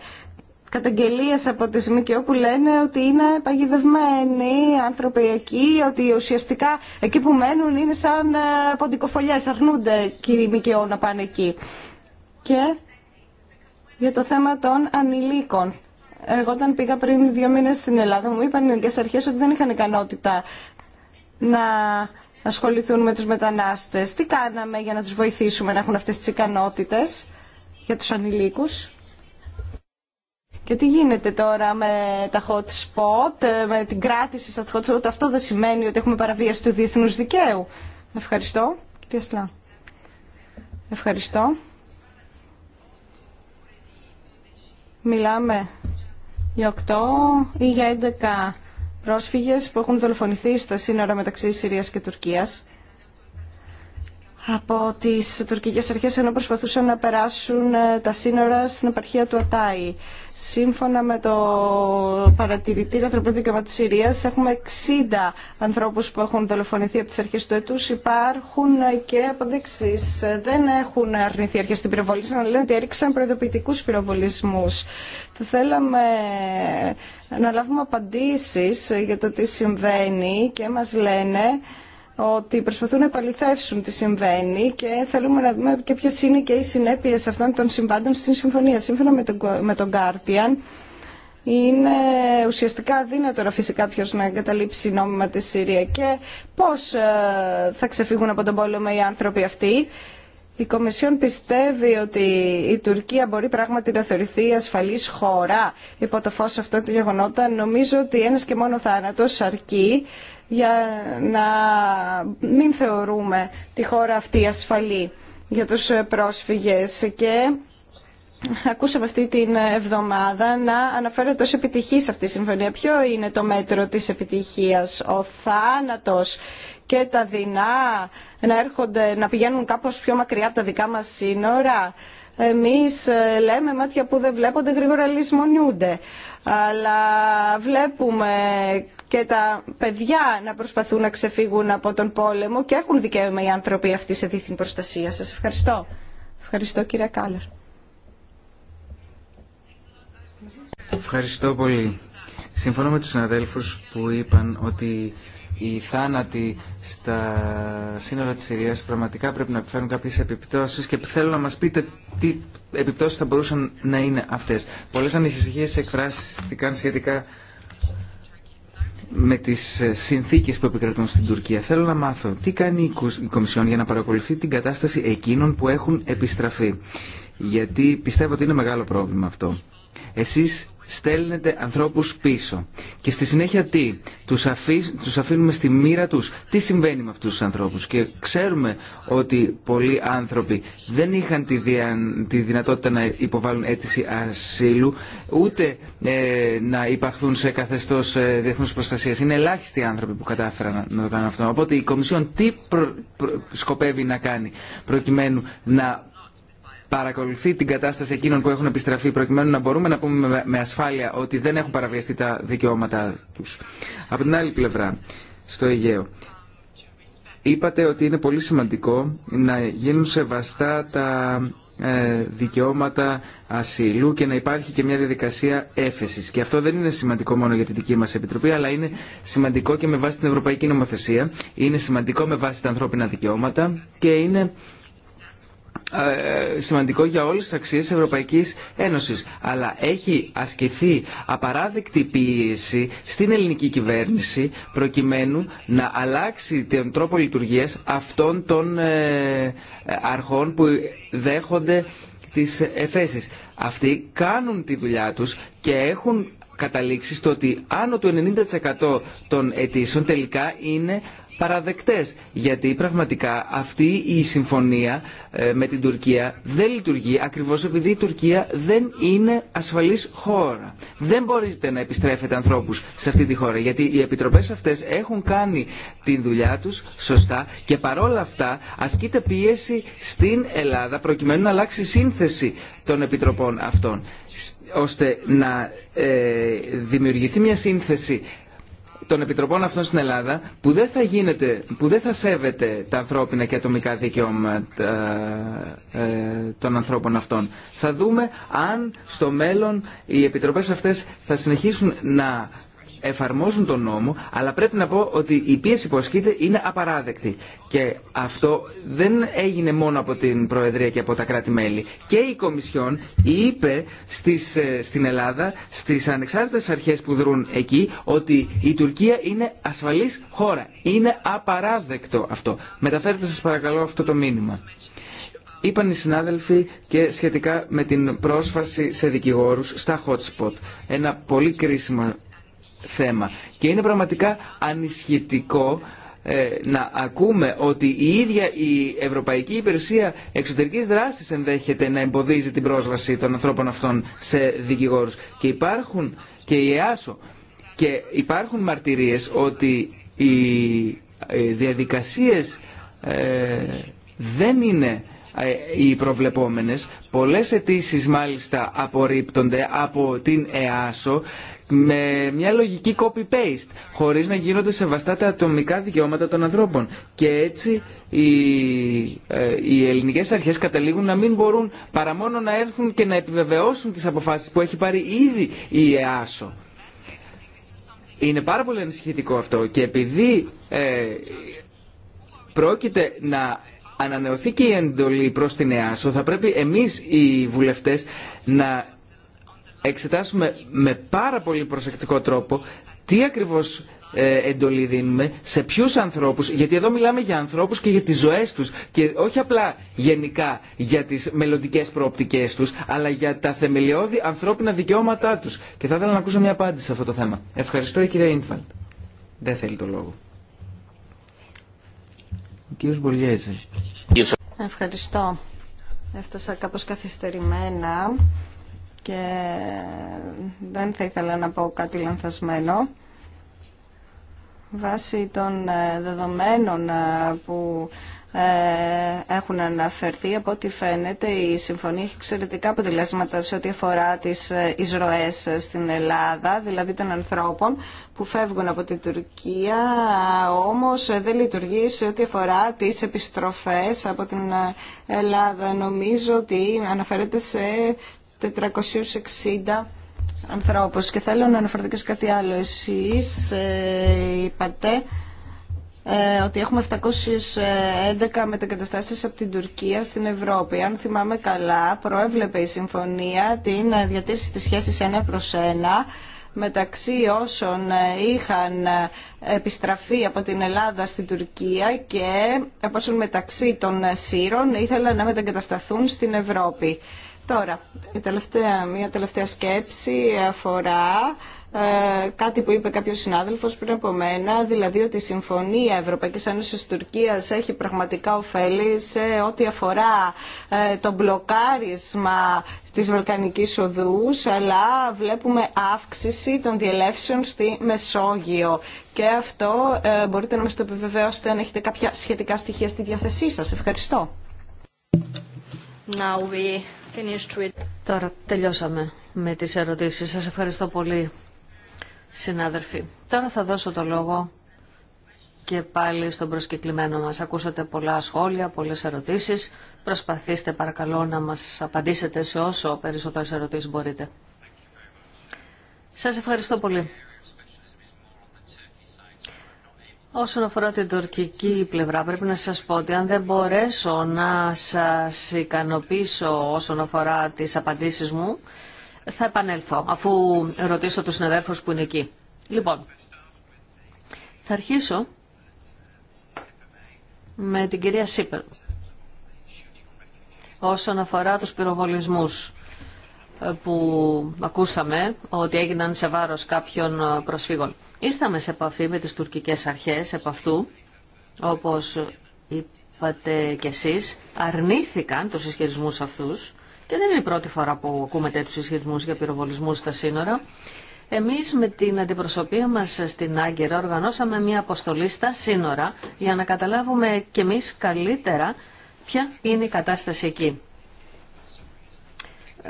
καταγγελίες από τη ΜΚΟ που λένε ότι είναι παγιδευμένοι άνθρωποι εκεί, ότι ουσιαστικά εκεί που μένουν είναι σαν ε, ποντικοφολιέ, αρνούνται και ΜΚΟ να πάνε εκεί. Και για το θέμα των ανηλίκων. Εγώ όταν πήγα πριν δύο μήνες στην Ελλάδα μου είπαν οι αρχές ότι δεν είχαν ικανότητα να ασχοληθούν με τους μετανάστες. Τι κάναμε για να τους βοηθήσουμε να έχουν αυτές τις ικανότητες για τους ανηλίκους. Και τι γίνεται τώρα με τα hot spot, με την κράτηση στα hot spot. Αυτό δεν σημαίνει ότι έχουμε παραβίαση του διεθνούς δικαίου. Ευχαριστώ. Κυρία Σλά. Ευχαριστώ. Μιλάμε για 8 ή για 11 πρόσφυγες που έχουν δολοφονηθεί στα σύνορα μεταξύ Συρίας και Τουρκίας από τις τουρκικές αρχές ενώ προσπαθούσαν να περάσουν ε, τα σύνορα στην επαρχία του Ατάη. Σύμφωνα με το παρατηρητήριο ανθρωπίνων δικαιωμάτων της Συρίας έχουμε 60 ανθρώπους που έχουν δολοφονηθεί από τις αρχές του έτους. Υπάρχουν ε, και αποδείξει. Δεν έχουν αρνηθεί αρχές την πυροβολή, αλλά λένε ότι έριξαν προειδοποιητικούς πυροβολισμούς. Θα θέλαμε ε, να λάβουμε απαντήσεις για το τι συμβαίνει και μας λένε ότι προσπαθούν να επαληθεύσουν τι συμβαίνει και θέλουμε να δούμε και ποιε είναι και οι συνέπειε αυτών των συμβάντων στην συμφωνία. Σύμφωνα με τον, με τον Guardian, είναι ουσιαστικά δύνατο φυσικά ποιο να εγκαταλείψει νόμιμα τη Συρία και πώ ε, θα ξεφύγουν από τον πόλεμο οι άνθρωποι αυτοί. Η Κομισιόν πιστεύει ότι η Τουρκία μπορεί πράγματι να θεωρηθεί ασφαλής χώρα υπό το φως αυτό του γεγονότα. Νομίζω ότι ένας και μόνο θάνατος αρκεί για να μην θεωρούμε τη χώρα αυτή ασφαλή για τους πρόσφυγες και ακούσαμε αυτή την εβδομάδα να αναφέρεται ως επιτυχής αυτή η συμφωνία. Ποιο είναι το μέτρο της επιτυχίας, ο θάνατος και τα δεινά να έρχονται, να πηγαίνουν κάπως πιο μακριά από τα δικά μας σύνορα εμείς ε, λέμε μάτια που δεν βλέπονται γρήγορα λησμονιούνται. Αλλά βλέπουμε και τα παιδιά να προσπαθούν να ξεφύγουν από τον πόλεμο και έχουν δικαίωμα οι άνθρωποι αυτοί σε δίθυν προστασία. Σας ευχαριστώ. Ευχαριστώ κύριε Κάλλερ. Ευχαριστώ πολύ. Συμφωνώ με τους συναδέλφους που είπαν ότι οι θάνατοι στα σύνορα της Συρίας πραγματικά πρέπει να επιφέρουν κάποιες επιπτώσεις και θέλω να μας πείτε τι επιπτώσεις θα μπορούσαν να είναι αυτές. Πολλές ανησυχίες εκφράστηκαν σχετικά με τις συνθήκες που επικρατούν στην Τουρκία. Θέλω να μάθω τι κάνει η Κομισιόν για να παρακολουθεί την κατάσταση εκείνων που έχουν επιστραφεί. Γιατί πιστεύω ότι είναι μεγάλο πρόβλημα αυτό. Εσείς στέλνετε ανθρώπους πίσω. Και στη συνέχεια τι, τους, αφήσ τους αφήνουμε στη μοίρα τους. Τι συμβαίνει με αυτούς τους ανθρώπους. Και ξέρουμε ότι πολλοί άνθρωποι δεν είχαν τη, δυνατότητα να υποβάλουν αίτηση ασύλου, ούτε ε, να υπαχθούν σε καθεστώς ε, διεθνούς προστασίας. Είναι ελάχιστοι άνθρωποι που κατάφεραν να, το κάνουν αυτό. Οπότε η Κομισιόν τι σκοπεύει να κάνει προκειμένου να παρακολουθεί την κατάσταση εκείνων που έχουν επιστραφεί προκειμένου να μπορούμε να πούμε με ασφάλεια ότι δεν έχουν παραβιαστεί τα δικαιώματά τους. Από την άλλη πλευρά, στο Αιγαίο, είπατε ότι είναι πολύ σημαντικό να γίνουν σεβαστά τα ε, δικαιώματα ασύλου και να υπάρχει και μια διαδικασία έφεσης. Και αυτό δεν είναι σημαντικό μόνο για τη δική μας Επιτροπή, αλλά είναι σημαντικό και με βάση την Ευρωπαϊκή Νομοθεσία, είναι σημαντικό με βάση τα ανθρώπινα δικαιώματα και είναι ε, σημαντικό για όλες τις αξίες Ευρωπαϊκής Ένωσης. Αλλά έχει ασκηθεί απαράδεκτη πίεση στην ελληνική κυβέρνηση προκειμένου να αλλάξει τον τρόπο λειτουργία αυτών των ε, αρχών που δέχονται τις εφέσεις. Αυτοί κάνουν τη δουλειά τους και έχουν καταλήξει στο ότι άνω του 90% των αιτήσεων τελικά είναι παραδεκτές γιατί πραγματικά αυτή η συμφωνία ε, με την Τουρκία δεν λειτουργεί ακριβώς επειδή η Τουρκία δεν είναι ασφαλής χώρα. Δεν μπορείτε να επιστρέφετε ανθρώπους σε αυτή τη χώρα γιατί οι επιτροπές αυτές έχουν κάνει τη δουλειά τους σωστά και παρόλα αυτά ασκείται πίεση στην Ελλάδα προκειμένου να αλλάξει σύνθεση των επιτροπών αυτών ώστε να ε, δημιουργηθεί μια σύνθεση των επιτροπών αυτών στην Ελλάδα που δεν θα, γίνεται, που δεν θα σέβεται τα ανθρώπινα και ατομικά δικαιώματα ε, των ανθρώπων αυτών. Θα δούμε αν στο μέλλον οι επιτροπές αυτές θα συνεχίσουν να εφαρμόζουν τον νόμο, αλλά πρέπει να πω ότι η πίεση που ασκείται είναι απαράδεκτη. Και αυτό δεν έγινε μόνο από την Προεδρία και από τα κράτη-μέλη. Και η Κομισιόν είπε στις, ε, στην Ελλάδα, στις ανεξάρτητες αρχές που δρούν εκεί, ότι η Τουρκία είναι ασφαλής χώρα. Είναι απαράδεκτο αυτό. Μεταφέρετε σας παρακαλώ αυτό το μήνυμα. Είπαν οι συνάδελφοι και σχετικά με την πρόσφαση σε δικηγόρους στα hot spot. Ένα πολύ κρίσιμο θέμα. Και είναι πραγματικά ανισχυτικό ε, να ακούμε ότι η ίδια η Ευρωπαϊκή Υπηρεσία Εξωτερικής Δράσης ενδέχεται να εμποδίζει την πρόσβαση των ανθρώπων αυτών σε δικηγόρους. Και υπάρχουν και η ΕΑΣΟ και υπάρχουν μαρτυρίες ότι οι ε, διαδικασίες ε, δεν είναι οι προβλεπόμενες. Πολλές αιτήσει μάλιστα απορρίπτονται από την ΕΑΣΟ με μια λογική copy-paste, χωρίς να γίνονται σεβαστά τα ατομικά δικαιώματα των ανθρώπων. Και έτσι οι, ε, οι ελληνικές αρχές καταλήγουν να μην μπορούν παρά μόνο να έρθουν και να επιβεβαιώσουν τις αποφάσεις που έχει πάρει ήδη η ΕΑΣΟ. Είναι πάρα πολύ ανησυχητικό αυτό και επειδή ε, πρόκειται να ανανεωθεί και η εντολή προς την ΕΑΣΟ θα πρέπει εμείς οι βουλευτές να εξετάσουμε με πάρα πολύ προσεκτικό τρόπο τι ακριβώς ε, εντολή δίνουμε, σε ποιους ανθρώπους, γιατί εδώ μιλάμε για ανθρώπους και για τις ζωές τους και όχι απλά γενικά για τις μελλοντικέ προοπτικές τους, αλλά για τα θεμελιώδη ανθρώπινα δικαιώματά τους. Και θα ήθελα να ακούσω μια απάντηση σε αυτό το θέμα. Ευχαριστώ η κυρία Ίνφαλτ. Δεν θέλει το λόγο. Ο κύριος Μπολιέζη. Ευχαριστώ. Έφτασα κάπως καθυστερημένα και δεν θα ήθελα να πω κάτι λανθασμένο. Βάσει των ε, δεδομένων ε, που ε, έχουν αναφερθεί. Από ό,τι φαίνεται η συμφωνία έχει εξαιρετικά αποτελέσματα σε ό,τι αφορά τις εισρωές στην Ελλάδα, δηλαδή των ανθρώπων που φεύγουν από την Τουρκία, όμως δεν λειτουργεί σε ό,τι αφορά τις επιστροφές από την Ελλάδα. Νομίζω ότι αναφέρεται σε 460 ανθρώπους. Και θέλω να αναφερθώ και σε κάτι άλλο. Εσείς ε, είπατε ε, ότι έχουμε 711 μετακαταστάσεις από την Τουρκία στην Ευρώπη. Αν θυμάμαι καλά, προέβλεπε η συμφωνία την διατήρηση της σχέσης ένα προς ένα μεταξύ όσων ε, είχαν επιστραφεί από την Ελλάδα στην Τουρκία και από όσων μεταξύ των Σύρων ήθελαν να μετακατασταθούν στην Ευρώπη. Τώρα, τελευταία, μια τελευταία σκέψη αφορά ε, κάτι που είπε κάποιος συνάδελφος πριν από μένα, δηλαδή ότι η Συμφωνία Ευρωπαϊκής Ένωσης Τουρκίας έχει πραγματικά ωφέλη σε ό,τι αφορά ε, το μπλοκάρισμα της Βαλκανικής Οδούς, αλλά βλέπουμε αύξηση των διελεύσεων στη Μεσόγειο. Και αυτό ε, μπορείτε να μας το επιβεβαιώσετε αν έχετε κάποια σχετικά στοιχεία στη διάθεσή σας. Ευχαριστώ. Τώρα τελειώσαμε με τις ερωτήσεις. Σας ευχαριστώ πολύ, συνάδελφοι. Τώρα θα δώσω το λόγο και πάλι στον προσκεκλημένο μας. Ακούσατε πολλά σχόλια, πολλές ερωτήσεις. Προσπαθήστε παρακαλώ να μας απαντήσετε σε όσο περισσότερες ερωτήσεις μπορείτε. Σας ευχαριστώ πολύ. Όσον αφορά την τουρκική πλευρά, πρέπει να σας πω ότι αν δεν μπορέσω να σας ικανοποιήσω όσον αφορά τις απαντήσεις μου, θα επανέλθω, αφού ρωτήσω τους συναδέλφους που είναι εκεί. Λοιπόν, θα αρχίσω με την κυρία Σίπελ όσον αφορά τους πυροβολισμούς που ακούσαμε ότι έγιναν σε βάρος κάποιων προσφύγων. Ήρθαμε σε επαφή με τις τουρκικές αρχές επ' αυτού, όπως είπατε κι εσείς, αρνήθηκαν τους ισχυρισμούς αυτούς και δεν είναι η πρώτη φορά που ακούμε τέτοιους ισχυρισμούς για πυροβολισμούς στα σύνορα. Εμείς με την αντιπροσωπεία μας στην Άγκυρα οργανώσαμε μια αποστολή στα σύνορα για να καταλάβουμε κι εμείς καλύτερα ποια είναι η κατάσταση εκεί.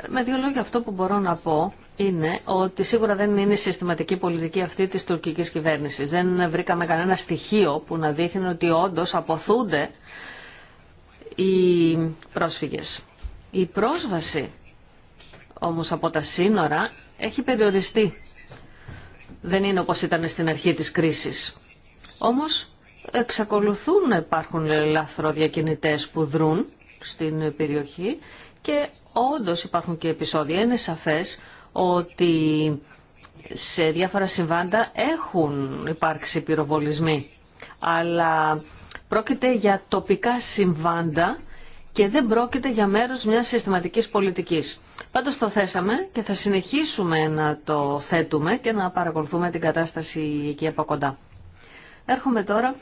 Με δύο λόγια αυτό που μπορώ να πω είναι ότι σίγουρα δεν είναι η συστηματική πολιτική αυτή της τουρκικής κυβέρνησης. Δεν βρήκαμε κανένα στοιχείο που να δείχνει ότι όντως αποθούνται οι πρόσφυγες. Η πρόσβαση όμως από τα σύνορα έχει περιοριστεί. Δεν είναι όπως ήταν στην αρχή της κρίσης. Όμως εξακολουθούν να υπάρχουν λαθροδιακινητές που δρούν στην περιοχή και όντω υπάρχουν και επεισόδια. Είναι σαφέ ότι σε διάφορα συμβάντα έχουν υπάρξει πυροβολισμοί. Αλλά πρόκειται για τοπικά συμβάντα και δεν πρόκειται για μέρος μιας συστηματικής πολιτικής. Πάντως το θέσαμε και θα συνεχίσουμε να το θέτουμε και να παρακολουθούμε την κατάσταση εκεί από κοντά. Έρχομαι τώρα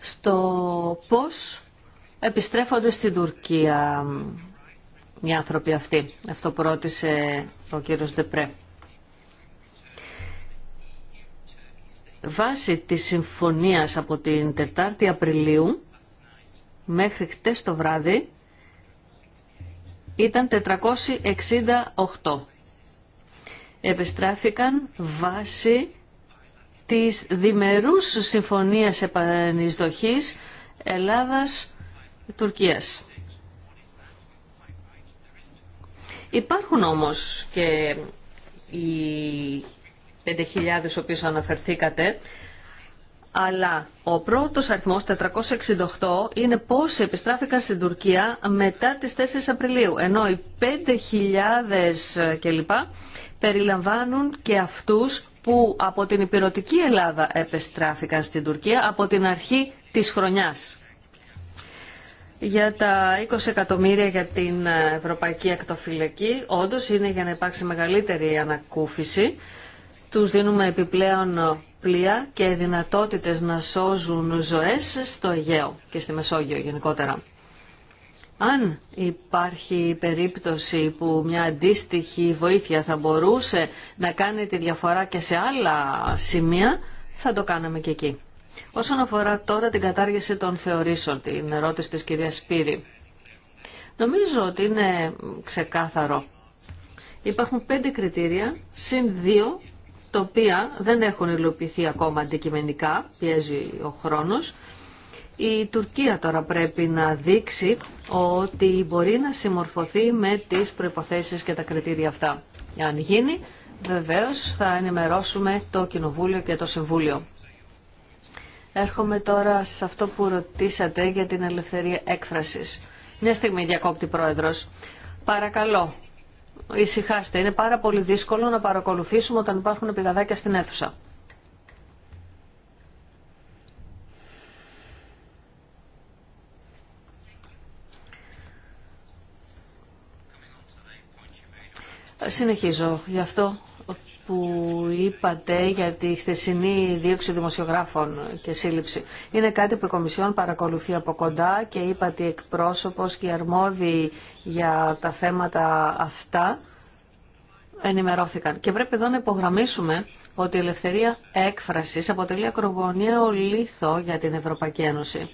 στο πώς επιστρέφονται στην Τουρκία οι άνθρωποι αυτοί. Αυτό που ρώτησε ο κύριος Δεπρέ. Βάσει της συμφωνίας από την 4η Απριλίου μέχρι χτες το βράδυ ήταν 468. Επιστράφηκαν βάσει της διμερούς συμφωνίας επανεισδοχής Ελλάδας Τουρκίας. Υπάρχουν όμως και οι 5.000 οποίους αναφερθήκατε, αλλά ο πρώτος αριθμός, 468, είναι πόσοι επιστράφηκαν στην Τουρκία μετά τις 4 Απριλίου, ενώ οι 5.000 κλπ περιλαμβάνουν και αυτούς που από την υπηρετική Ελλάδα επιστράφηκαν στην Τουρκία από την αρχή της χρονιάς για τα 20 εκατομμύρια για την ε, Ευρωπαϊκή Ακτοφυλακή. όντω είναι για να υπάρξει μεγαλύτερη ανακούφιση. Τους δίνουμε επιπλέον πλοία και δυνατότητε να σώζουν ζωές στο Αιγαίο και στη Μεσόγειο γενικότερα. Αν υπάρχει περίπτωση που μια αντίστοιχη βοήθεια θα μπορούσε να κάνει τη διαφορά και σε άλλα σημεία, θα το κάναμε και εκεί. Όσον αφορά τώρα την κατάργηση των θεωρήσεων, την ερώτηση της κυρίας Σπύρη, νομίζω ότι είναι ξεκάθαρο. Υπάρχουν πέντε κριτήρια, συν δύο, τα οποία δεν έχουν υλοποιηθεί ακόμα αντικειμενικά, πιέζει ο χρόνος. Η Τουρκία τώρα πρέπει να δείξει ότι μπορεί να συμμορφωθεί με τις προϋποθέσεις και τα κριτήρια αυτά. Αν γίνει, βεβαίως θα ενημερώσουμε το Κοινοβούλιο και το Συμβούλιο. Έρχομαι τώρα σε αυτό που ρωτήσατε για την ελευθερία έκφρασης. Μια στιγμή διακόπτη πρόεδρος. Παρακαλώ, ησυχάστε. Είναι πάρα πολύ δύσκολο να παρακολουθήσουμε όταν υπάρχουν πηγαδάκια στην αίθουσα. Συνεχίζω. Γι' αυτό που είπατε για τη χθεσινή δίωξη δημοσιογράφων και σύλληψη. Είναι κάτι που η Κομισιόν παρακολουθεί από κοντά και είπατε εκπρόσωπος και αρμόδιοι για τα θέματα αυτά ενημερώθηκαν. Και πρέπει εδώ να υπογραμμίσουμε ότι η ελευθερία έκφρασης αποτελεί ακρογωνιαίο λίθο για την Ευρωπαϊκή Ένωση.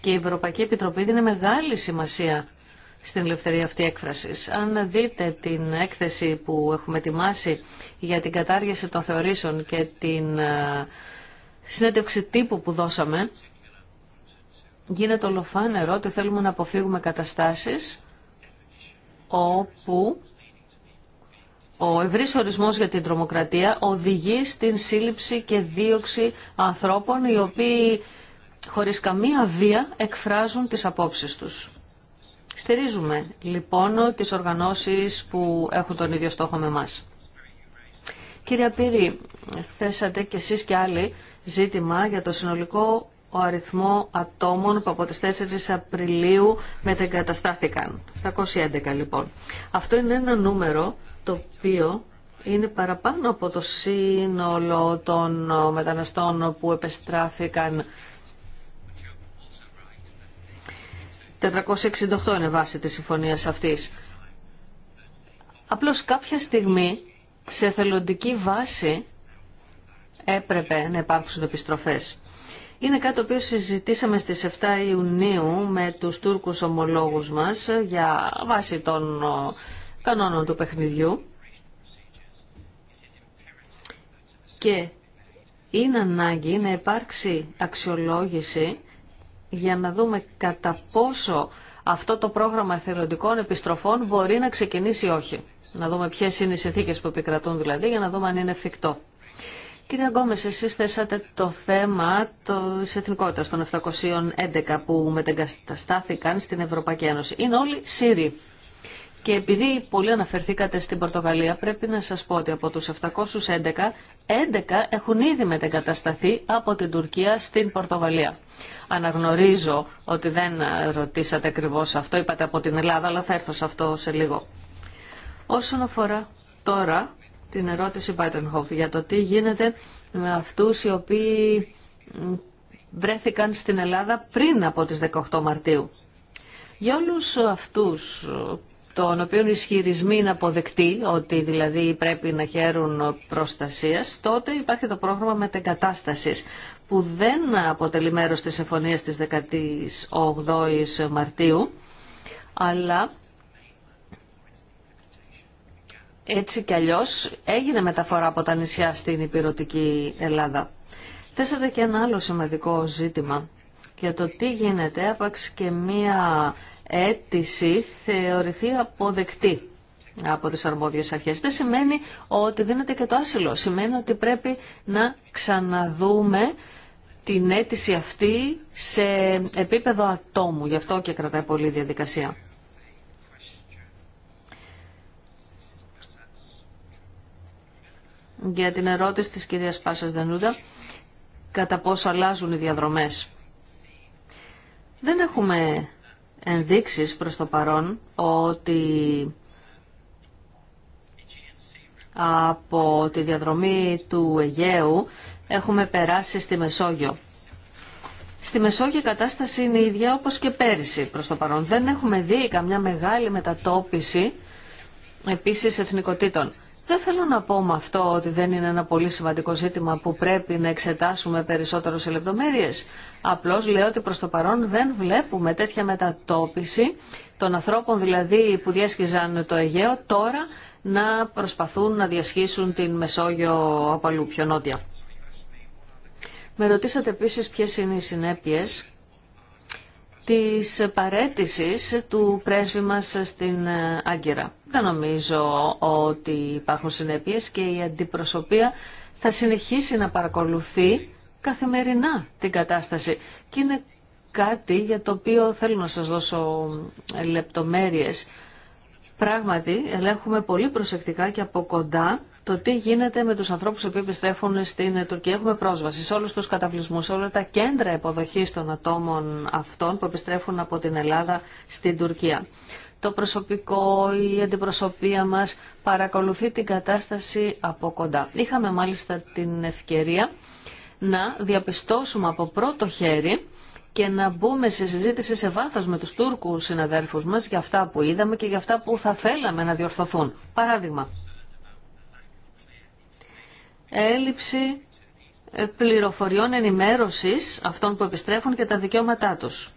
Και η Ευρωπαϊκή Επιτροπή δίνει μεγάλη σημασία στην ελευθερία αυτή έκφρασης. Αν δείτε την έκθεση που έχουμε ετοιμάσει για την κατάργηση των θεωρήσεων και την ε, συνέντευξη τύπου που δώσαμε, γίνεται ολοφάνερο ότι θέλουμε να αποφύγουμε καταστάσεις όπου ο ευρύς ορισμός για την τρομοκρατία οδηγεί στην σύλληψη και δίωξη ανθρώπων οι οποίοι χωρίς καμία βία εκφράζουν τις απόψεις τους. Στηρίζουμε λοιπόν τις οργανώσεις που έχουν τον ίδιο στόχο με μας. Κύριε Πύρη, θέσατε κι εσείς και άλλοι ζήτημα για το συνολικό αριθμό ατόμων που από τις 4 Απριλίου μετεγκαταστάθηκαν. 711 λοιπόν. Αυτό είναι ένα νούμερο το οποίο είναι παραπάνω από το σύνολο των μεταναστών που επεστράφηκαν 468 είναι βάση της συμφωνίας αυτής. Απλώς κάποια στιγμή σε θελοντική βάση έπρεπε να υπάρξουν επιστροφές. Είναι κάτι το οποίο συζητήσαμε στις 7 Ιουνίου με τους Τούρκους ομολόγους μας για βάση των ε, κανόνων του παιχνιδιού και είναι ανάγκη να υπάρξει αξιολόγηση για να δούμε κατά πόσο αυτό το πρόγραμμα εθελοντικών επιστροφών μπορεί να ξεκινήσει ή όχι. Να δούμε ποιε είναι οι συνθήκε που επικρατούν δηλαδή, για να δούμε αν είναι εφικτό. Κύριε Γκόμε, εσεί θέσατε το θέμα τη εθνικότητα των 711 που μετεγκαταστάθηκαν στην Ευρωπαϊκή Ένωση. Είναι όλοι Σύριοι. Και επειδή πολύ αναφερθήκατε στην Πορτογαλία, πρέπει να σας πω ότι από τους 711, 11 έχουν ήδη μετεγκατασταθεί από την Τουρκία στην Πορτογαλία. Αναγνωρίζω ότι δεν ρωτήσατε ακριβώς αυτό, είπατε από την Ελλάδα, αλλά θα έρθω σε αυτό σε λίγο. Όσον αφορά τώρα την ερώτηση Βάιτενχοφ για το τι γίνεται με αυτούς οι οποίοι βρέθηκαν στην Ελλάδα πριν από τις 18 Μαρτίου. Για όλους αυτούς τον οποίο ισχυρισμοί είναι αποδεκτοί, ότι δηλαδή πρέπει να χαίρουν προστασίας, τότε υπάρχει το πρόγραμμα μετεγκατάσταση, που δεν αποτελεί μέρο της συμφωνία της 18 η Μαρτίου, αλλά έτσι κι αλλιώς έγινε μεταφορά από τα νησιά στην υπηρετική Ελλάδα. Θέσατε και ένα άλλο σημαντικό ζήτημα για το τι γίνεται άπαξ και μία αίτηση θεωρηθεί αποδεκτή από τις αρμόδιες αρχές. Δεν σημαίνει ότι δίνεται και το άσυλο. Σημαίνει ότι πρέπει να ξαναδούμε την αίτηση αυτή σε επίπεδο ατόμου. Γι' αυτό και κρατάει πολύ διαδικασία. Για την ερώτηση της κυρίας Πάσας Δενούντα κατά πόσο αλλάζουν οι διαδρομές. Δεν έχουμε ενδείξεις προς το παρόν ότι από τη διαδρομή του Αιγαίου έχουμε περάσει στη Μεσόγειο. Στη Μεσόγειο η κατάσταση είναι η ίδια όπως και πέρυσι προς το παρόν. Δεν έχουμε δει καμιά μεγάλη μετατόπιση επίσης εθνικοτήτων. Δεν θέλω να πω με αυτό ότι δεν είναι ένα πολύ σημαντικό ζήτημα που πρέπει να εξετάσουμε περισσότερο σε λεπτομέρειες. Απλώς λέω ότι προς το παρόν δεν βλέπουμε τέτοια μετατόπιση των ανθρώπων δηλαδή που διέσχιζαν το Αιγαίο τώρα να προσπαθούν να διασχίσουν την Μεσόγειο από αλλού πιο νότια. Με ρωτήσατε επίσης ποιες είναι οι συνέπειες της παρέτησης του πρέσβη μας στην Άγκυρα. Δεν νομίζω ότι υπάρχουν συνέπειες και η αντιπροσωπεία θα συνεχίσει να παρακολουθεί καθημερινά την κατάσταση. Και είναι κάτι για το οποίο θέλω να σας δώσω λεπτομέρειες. Πράγματι, ελέγχουμε πολύ προσεκτικά και από κοντά το τι γίνεται με τους ανθρώπους που επιστρέφουν στην Τουρκία. Έχουμε πρόσβαση σε όλους τους καταβλισμούς, σε όλα τα κέντρα υποδοχής των ατόμων αυτών που επιστρέφουν από την Ελλάδα στην Τουρκία. Το προσωπικό, η αντιπροσωπεία μας παρακολουθεί την κατάσταση από κοντά. Είχαμε μάλιστα την ευκαιρία να διαπιστώσουμε από πρώτο χέρι και να μπούμε σε συζήτηση σε βάθος με τους Τούρκους συναδέρφους μας για αυτά που είδαμε και για αυτά που θα θέλαμε να διορθωθούν. Παράδειγμα, έλλειψη ε, πληροφοριών ενημέρωσης αυτών που επιστρέφουν και τα δικαιώματά τους.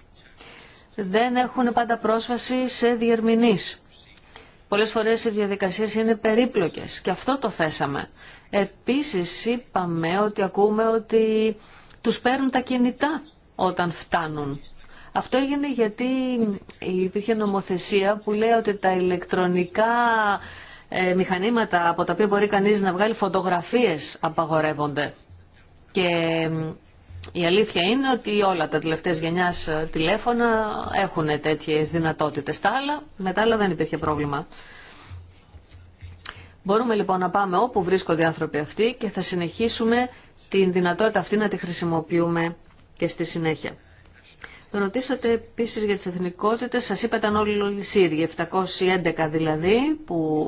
Δεν έχουν πάντα πρόσβαση σε διερμηνείς. Πολλές φορές οι διαδικασίες είναι περίπλοκες και αυτό το θέσαμε. Επίσης είπαμε ότι ακούμε ότι τους παίρνουν τα κινητά όταν φτάνουν. Αυτό έγινε γιατί υπήρχε νομοθεσία που λέει ότι τα ηλεκτρονικά ε, μηχανήματα από τα οποία μπορεί κανείς να βγάλει φωτογραφίες απαγορεύονται. Και η αλήθεια είναι ότι όλα τα τελευταίες γενιάς ε, τηλέφωνα έχουν τέτοιες δυνατότητες. Τα άλλα, με τα άλλα δεν υπήρχε πρόβλημα. Μπορούμε λοιπόν να πάμε όπου βρίσκονται οι άνθρωποι αυτοί και θα συνεχίσουμε την δυνατότητα αυτή να τη χρησιμοποιούμε και στη συνέχεια. Ρωτήσατε επίσης για τις εθνικότητες. Σας είπα ήταν όλοι οι Σύριοι, 711 δηλαδή, που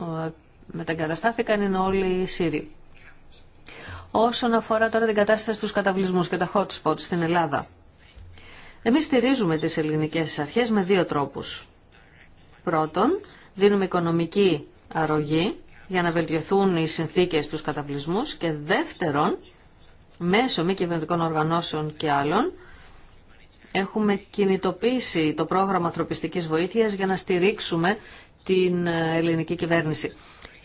ε, μεταγκαταστάθηκαν είναι όλοι οι Σύριοι. Όσον αφορά τώρα την κατάσταση στους καταβλισμούς και τα hot spots στην Ελλάδα. Εμείς στηρίζουμε τις ελληνικές αρχές με δύο τρόπους. Πρώτον, δίνουμε οικονομική αρρωγή για να βελτιωθούν οι συνθήκες στους καταβλισμούς και δεύτερον, μέσω μη κυβερνητικών οργανώσεων και άλλων, Έχουμε κινητοποίησει το πρόγραμμα ανθρωπιστικής βοήθειας για να στηρίξουμε την ε, ελληνική κυβέρνηση.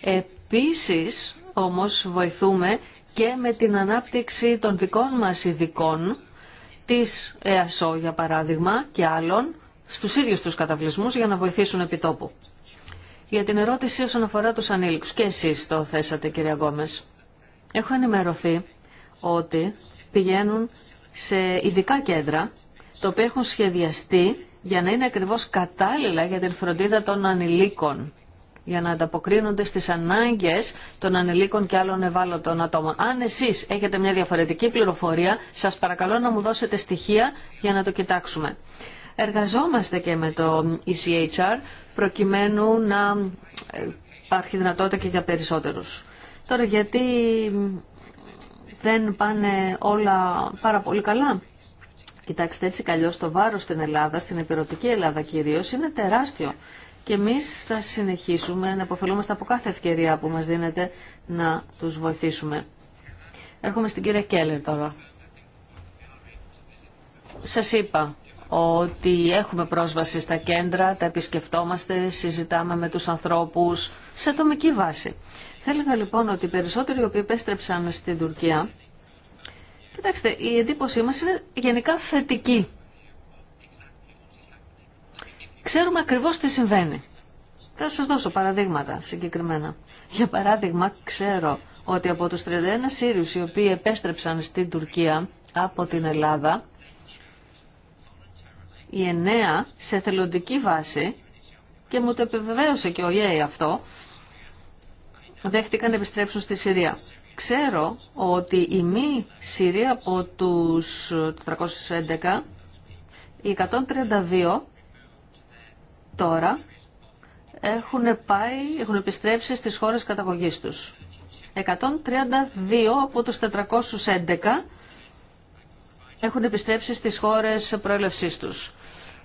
Επίσης, όμως, βοηθούμε και με την ανάπτυξη των δικών μας ειδικών, της ΕΑΣΟ για παράδειγμα και άλλων, στους ίδιους τους καταβλισμούς για να βοηθήσουν επιτόπου. Για την ερώτηση όσον αφορά τους ανήλικους, και εσεί το θέσατε κυρία Γκόμες. Έχω ενημερωθεί ότι πηγαίνουν σε ειδικά κέντρα το οποία έχουν σχεδιαστεί για να είναι ακριβώς κατάλληλα για την φροντίδα των ανηλίκων για να ανταποκρίνονται στις ανάγκες των ανηλίκων και άλλων ευάλωτων ατόμων. Αν εσείς έχετε μια διαφορετική πληροφορία, σας παρακαλώ να μου δώσετε στοιχεία για να το κοιτάξουμε. Εργαζόμαστε και με το ECHR προκειμένου να ε, υπάρχει δυνατότητα και για περισσότερους. Τώρα γιατί δεν πάνε όλα πάρα πολύ καλά. Κοιτάξτε, έτσι καλώς το βάρο στην Ελλάδα, στην επιρωτική Ελλάδα κυρίω, είναι τεράστιο. Και εμεί θα συνεχίσουμε να αποφελούμαστε από κάθε ευκαιρία που μας δίνεται να τους βοηθήσουμε. Έρχομαι στην κυρία Κέλλερ τώρα. Σα είπα ότι έχουμε πρόσβαση στα κέντρα, τα επισκεφτόμαστε, συζητάμε με τους ανθρώπους σε ατομική βάση. Θα λοιπόν ότι οι περισσότεροι οι οποίοι επέστρεψαν στην Τουρκία Κοιτάξτε, η εντύπωσή μας είναι γενικά θετική. Ξέρουμε ακριβώς τι συμβαίνει. Θα σας δώσω παραδείγματα συγκεκριμένα. Για παράδειγμα, ξέρω ότι από τους 31 Σύριους οι οποίοι επέστρεψαν στην Τουρκία από την Ελλάδα, οι 9 σε θελοντική βάση, και μου το επιβεβαίωσε και ο ΙΕΙ αυτό, δέχτηκαν να επιστρέψουν στη Συρία. Ξέρω ότι η μη Συρία από τους 411, οι 132 τώρα έχουν πάει, έχουν επιστρέψει στις χώρες καταγωγής τους. 132 από τους 411 έχουν επιστρέψει στις χώρες προέλευσής τους.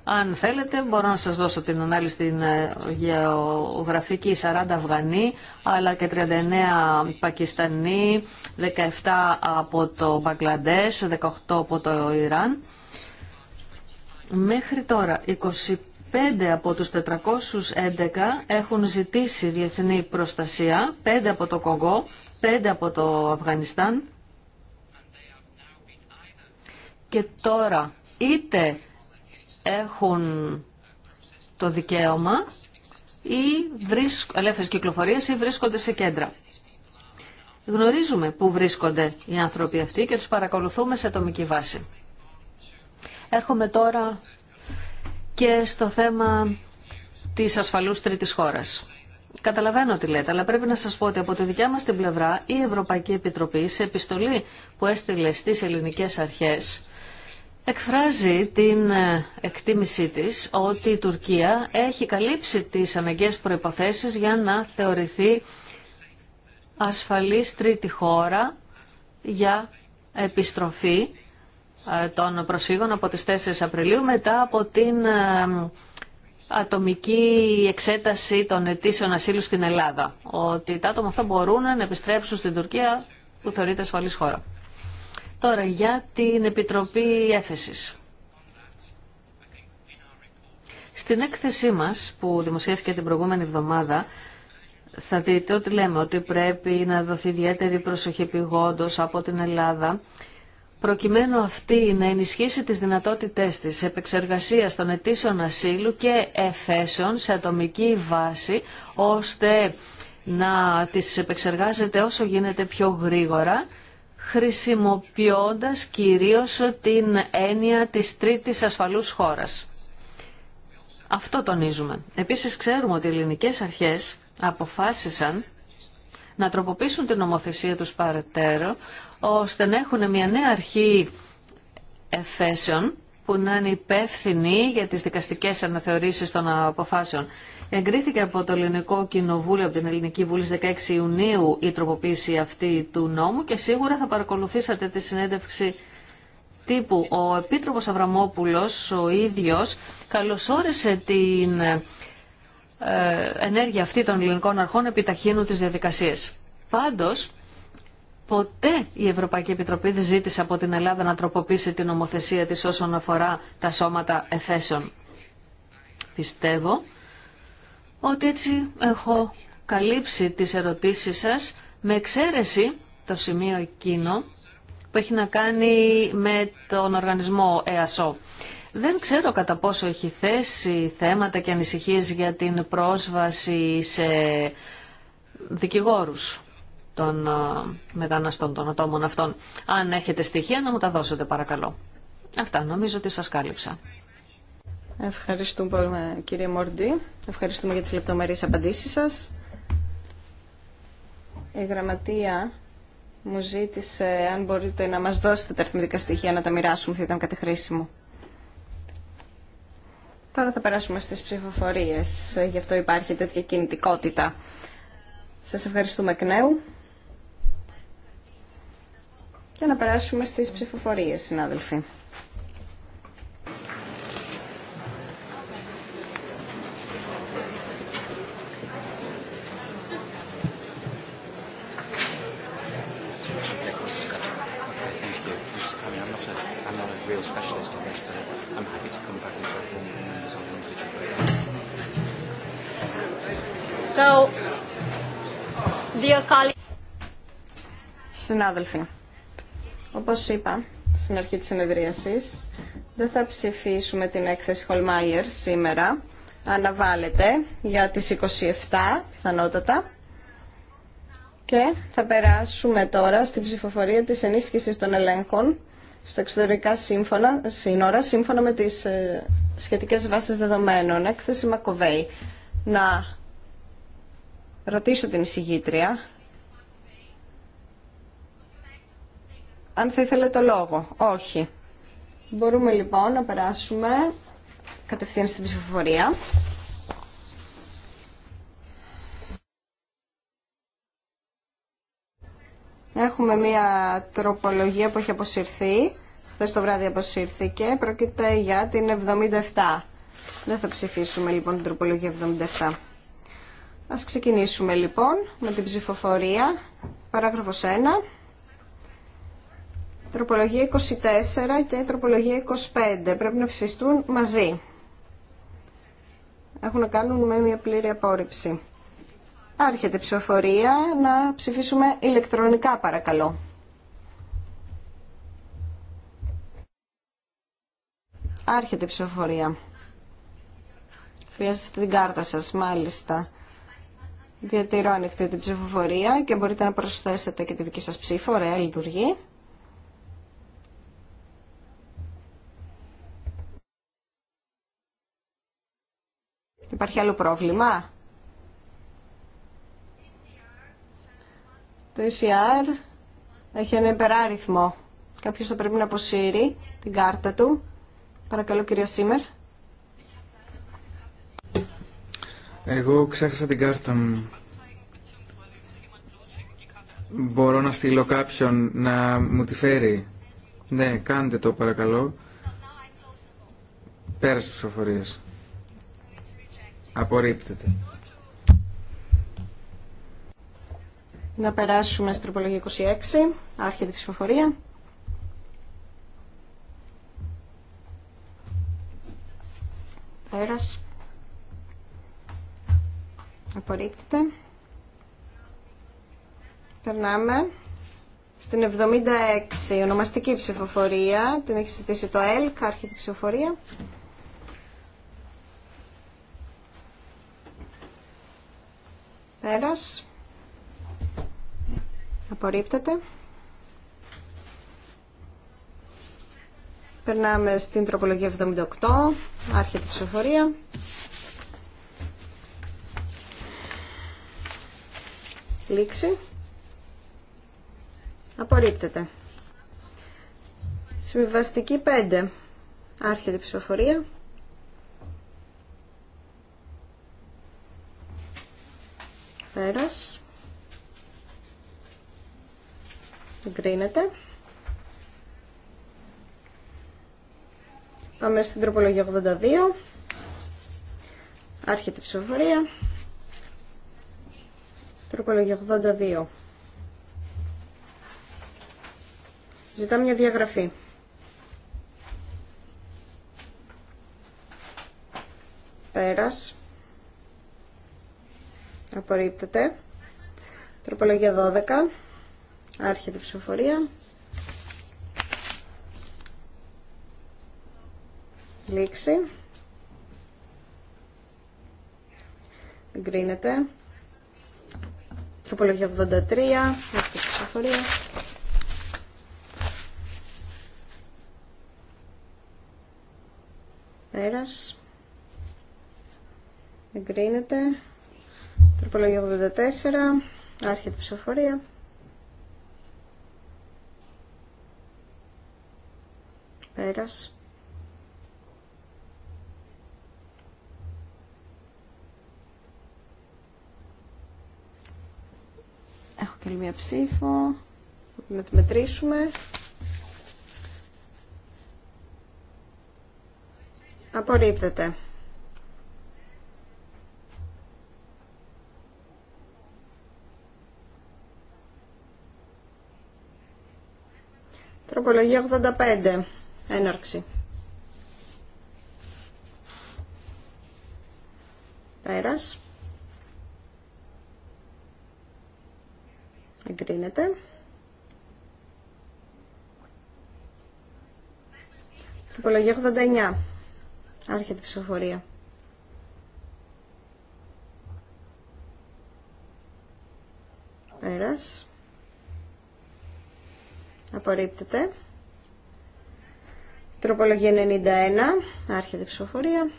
Αν θέλετε μπορώ να σας δώσω την ανάλυση στην ε, γεωγραφική 40 Αυγανοί αλλά και 39 Πακιστανοί, 17 από το Μπαγκλαντές, 18 από το Ιράν. Μέχρι τώρα 25 από τους 411 έχουν ζητήσει διεθνή προστασία, 5 από το Κογκό, 5 από το Αφγανιστάν και τώρα είτε έχουν το δικαίωμα ή βρίσκ, ελεύθερες κυκλοφορίες ή βρίσκονται σε κέντρα. Γνωρίζουμε πού βρίσκονται οι άνθρωποι αυτοί και τους παρακολουθούμε σε ατομική βάση. Έρχομαι τώρα και στο θέμα της ασφαλούς τρίτης χώρας. Καταλαβαίνω τι λέτε, αλλά πρέπει να σας πω ότι από τη δικιά μας την πλευρά η Ευρωπαϊκή Επιτροπή σε επιστολή που έστειλε στις ελληνικές αρχές εκφράζει την ε, εκτίμησή της ότι η Τουρκία έχει καλύψει τις αναγκαίες προϋποθέσεις για να θεωρηθεί ασφαλής τρίτη χώρα για επιστροφή ε, των προσφύγων από τις 4 Απριλίου μετά από την ε, ατομική εξέταση των αιτήσεων ασύλου στην Ελλάδα. Ότι τα άτομα αυτά μπορούν να επιστρέψουν στην Τουρκία που θεωρείται ασφαλής χώρα. Τώρα για την Επιτροπή Έφεσης. Στην έκθεσή μας που δημοσιεύτηκε την προηγούμενη εβδομάδα θα δείτε ότι λέμε ότι πρέπει να δοθεί ιδιαίτερη προσοχή πηγόντως από την Ελλάδα προκειμένου αυτή να ενισχύσει τις δυνατότητές της επεξεργασίας των αιτήσεων ασύλου και εφέσεων σε ατομική βάση ώστε να τις επεξεργάζεται όσο γίνεται πιο γρήγορα χρησιμοποιώντας κυρίως την έννοια της τρίτης ασφαλούς χώρας. Αυτό τονίζουμε. Επίσης ξέρουμε ότι οι ελληνικές αρχές αποφάσισαν να τροποποιήσουν την νομοθεσία τους παρετέρω, ώστε να έχουν μια νέα αρχή εφέσεων που να είναι υπεύθυνοι για τις δικαστικές αναθεωρήσεις των αποφάσεων. Εγκρίθηκε από το Ελληνικό Κοινοβούλιο, από την Ελληνική Βουλή, 16 Ιουνίου η τροποποίηση αυτή του νόμου και σίγουρα θα παρακολουθήσατε τη συνέντευξη τύπου. Ο Επίτροπος Αβραμόπουλος, ο ίδιος, καλωσόρισε την ε, ε, ενέργεια αυτή των ελληνικών αρχών επιταχύνουν τις διαδικασίες. Πάντως, Ποτέ η Ευρωπαϊκή Επιτροπή δεν ζήτησε από την Ελλάδα να τροποποιήσει την νομοθεσία της όσον αφορά τα σώματα εφέσεων. Πιστεύω ότι έτσι έχω καλύψει τις ερωτήσεις σας με εξαίρεση το σημείο εκείνο που έχει να κάνει με τον οργανισμό ΕΑΣΟ. Δεν ξέρω κατά πόσο έχει θέσει θέματα και ανησυχίες για την πρόσβαση σε δικηγόρους των ε, μεταναστών, των ατόμων αυτών. Αν έχετε στοιχεία να μου τα δώσετε παρακαλώ. Αυτά νομίζω ότι σας κάλυψα. Ευχαριστούμε κύριε Μορντή Ευχαριστούμε για τις λεπτομερείς απαντήσεις σας. Η γραμματεία μου ζήτησε αν μπορείτε να μας δώσετε τα αριθμητικά στοιχεία να τα μοιράσουμε, θα ήταν κάτι χρήσιμο. Τώρα θα περάσουμε στις ψηφοφορίες, γι' αυτό υπάρχει τέτοια κινητικότητα. Σας ευχαριστούμε εκ νέου και να περάσουμε στις ψηφοφορίες, συνάδελφοι. So, dear Συνάδελφοι, όπως είπα στην αρχή της συνεδρίασης, δεν θα ψηφίσουμε την έκθεση Χολμάιερ σήμερα. Αναβάλλεται για τις 27, πιθανότατα. Και θα περάσουμε τώρα στην ψηφοφορία της ενίσχυσης των ελέγχων στα εξωτερικά σύμφωνα, σύνορα, σύμφωνα με τις ε, σχετικές βάσεις δεδομένων. Έκθεση Μακοβέη. Να ρωτήσω την εισηγήτρια αν θα ήθελε το λόγο. Όχι. Μπορούμε λοιπόν να περάσουμε κατευθείαν στην ψηφοφορία. Έχουμε μία τροπολογία που έχει αποσυρθεί. Χθες το βράδυ αποσύρθηκε. Πρόκειται για την 77. Δεν θα ψηφίσουμε λοιπόν την τροπολογία 77. Ας ξεκινήσουμε λοιπόν με την ψηφοφορία. Παράγραφος 1 τροπολογία 24 και τροπολογία 25. Πρέπει να ψηφιστούν μαζί. Έχουν να κάνουν με μια πλήρη απόρριψη. Άρχεται η ψηφοφορία. Να ψηφίσουμε ηλεκτρονικά παρακαλώ. Άρχεται η ψηφοφορία. Χρειάζεστε την κάρτα σας, μάλιστα. Διατηρώ ανοιχτή την ψηφοφορία και μπορείτε να προσθέσετε και τη δική σας ψήφο. Ωραία, λειτουργεί. Υπάρχει άλλο πρόβλημα. Το ECR έχει ένα υπεράριθμο. Κάποιος θα πρέπει να αποσύρει την κάρτα του. Παρακαλώ κυρία Σίμερ. Εγώ ξέχασα την κάρτα μου. Μπορώ να στείλω κάποιον να μου τη φέρει. Ναι, κάντε το παρακαλώ. Πέρασε τις προφορίες. Απορρίπτεται. Να περάσουμε στην τροπολογία 26, άρχεται η ψηφοφορία. Πέρας. Απορρίπτεται. Περνάμε στην 76, ονομαστική ψηφοφορία. Την έχει ζητήσει το ΕΛΚ, άρχεται η ψηφοφορία. Τέλος. Απορρίπτεται. Περνάμε στην τροπολογία 78, άρχεται η ψηφοφορία. Λήξη. Απορρίπτεται. Συμβιβαστική 5, Άρχη η ψηφοφορία. Πέρας. Εγκρίνεται. Πάμε στην τροπολογία 82. Άρχεται η ψηφοφορία. Τροπολογία 82. Ζητά μια διαγραφή. Πέρας. Απορρίπτεται. Τροπολογία 12. Άρχεται ψηφοφορία. Λήξη. Εγκρίνεται. Τροπολογία 83. Άρχεται ψηφοφορία. Πέρας. Εγκρίνεται. Τροπολογία 84. Άρχεται τη ψηφοφορία. Πέρας. Έχω και άλλη μία ψήφο. Να τη μετρήσουμε. Απορρίπτεται. Τροπολογία 85. Έναρξη. Πέρας. Εγκρίνεται. Τροπολογία 89. Άρχεται η ψηφοφορία. Πέρας. Απορρίπτεται. Τροπολογία 91. Άρχεται η ψηφοφορία.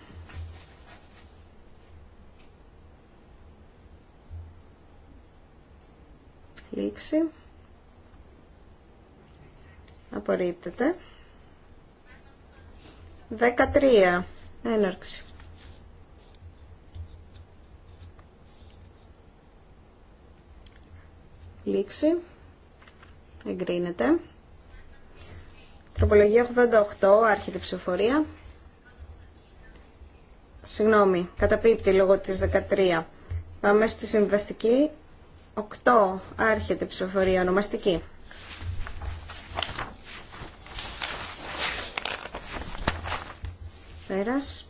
Λήξη. Απορρίπτεται. 13. Έναρξη. Λήξη εγκρίνεται. Τροπολογία 88, άρχεται ψηφοφορία. Συγγνώμη, καταπίπτει λόγω της 13. Πάμε στη συμβαστική 8, άρχεται ψηφοφορία, ονομαστική. Πέρας.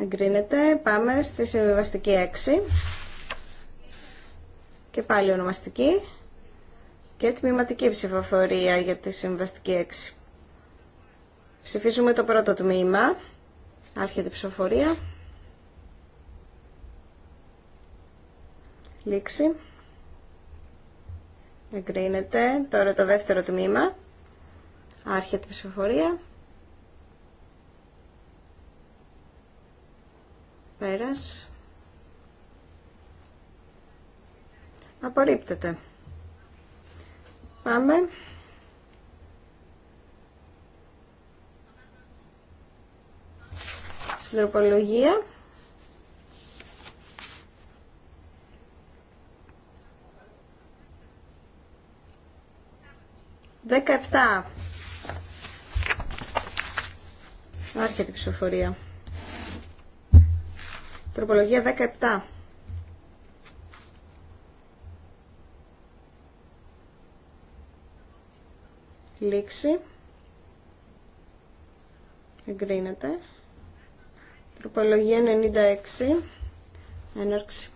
Εγκρίνεται. Πάμε στη συμβιβαστική 6. Και πάλι ονομαστική και τμήματική ψηφοφορία για τη συμβαστική 6. Ψηφίζουμε το πρώτο τμήμα. Άρχεται η ψηφοφορία. Λήξη. Εγκρίνεται. Τώρα το δεύτερο τμήμα. Άρχεται η ψηφοφορία. Πέρας. Απορρίπτεται. Πάμε. Στην τροπολογία. Δεκαεπτά. Άρχεται η ψηφοφορία. Τροπολογία 17. Λήξη. Εγκρίνεται. Τροπολογία 96. Έναρξη.